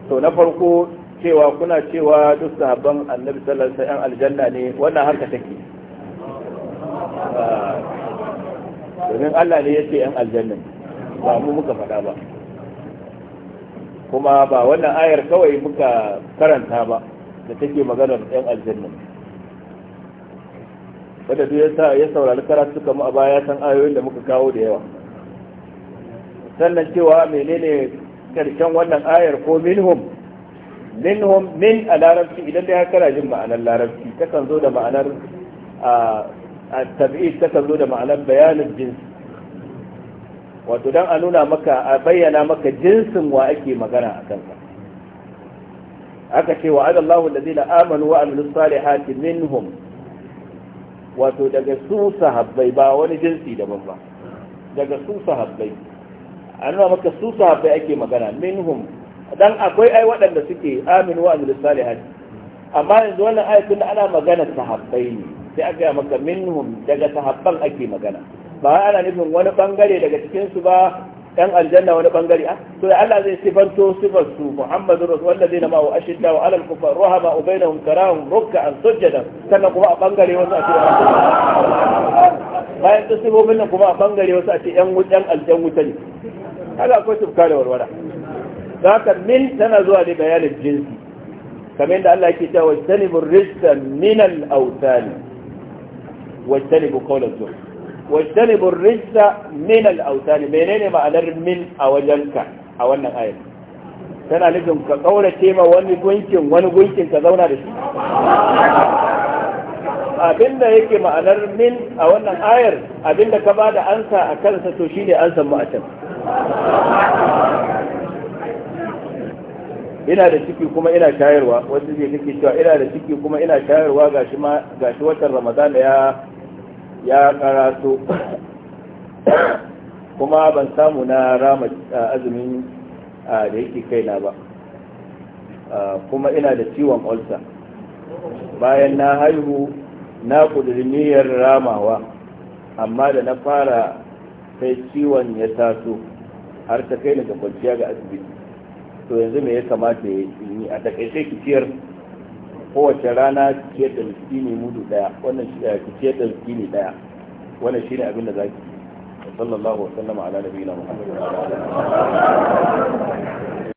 to na farko cewa kuna cewa duk sahabban annabi sallallahu alaihi wasallam aljanna ne wannan harka take ah, domin Allah ne yake yan aljanna ba mu muka faɗa ba kuma ba wannan ayar kawai muka karanta ba da take maganar yan aljanna wanda duk yasa ya saurari karatu suka mu a baya san ayoyin da muka kawo da yawa sannan cewa menene karshen wannan ayar ko minhum minhum min a larabci idan dai kana jin ma'anar larabci kan zo da ma'anar a ta kan zo da ma'anar bayanin jinsi wato dan a nuna maka a bayyana maka jinsin wa ake magana a kansa aka ce wa adallahu allazina amanu wa amilus salihati minhum wato daga su sahabbai ba wani jinsi daban ba daga su sahabbai a nuna maka su sahabbai ake magana minhum dan akwai ai waɗanda suke aminu wa amil salihat amma yanzu wannan ayatun ana magana sahabbai ne sai aka maka minhum daga sahabban ake magana ba ana nufin wani bangare daga cikin su ba yan aljanna wani bangare a, ah, to da Allah zai sifanto sifar su Muhammadur Rasul wallazi na ma'u ashidda wa alal kufar rahama bainahum karahum ruk'an sujada sannan kuma a bangare wasu a ce bayan da sifofin nan kuma a bangare wasu a ce yan wutan aljan wuta ne kaga akwai tufka da warwara haka min tana zuwa ne bayanin jinsi kamar da Allah yake cewa tanibur rizqa min al-awtani wa tanibu qawla zuhd wajtanibu rijza min al-awtani menene ma'anar min a wajenka a wannan ayat tana nufin ka kaurace ma wani gunkin wani gunkin ka zauna da shi abinda yake ma'anar min a wannan ayar abinda ka bada ansa a kansa to shine ansan mu a can ina da ciki kuma ina shayarwa wasu zai nake cewa ina da ciki kuma ina shayarwa gashi ma gashi watan Ramadan ya ya karatu kuma ban samu na rama azumin da yake kaina ba kuma ina da ciwon ulcer bayan na haihu na niyyar ramawa amma da na fara sai ciwon ya taso har ta kai ni da kwanciya ga asibiti to yanzu me ya kamata ya yi a takaice ki ciyar kowace rana ciyar da miskini mudu daya wannan shi ciyar da miskini daya wannan shi ne abin da za ki sallallahu wa sallama ala nabiyina muhammad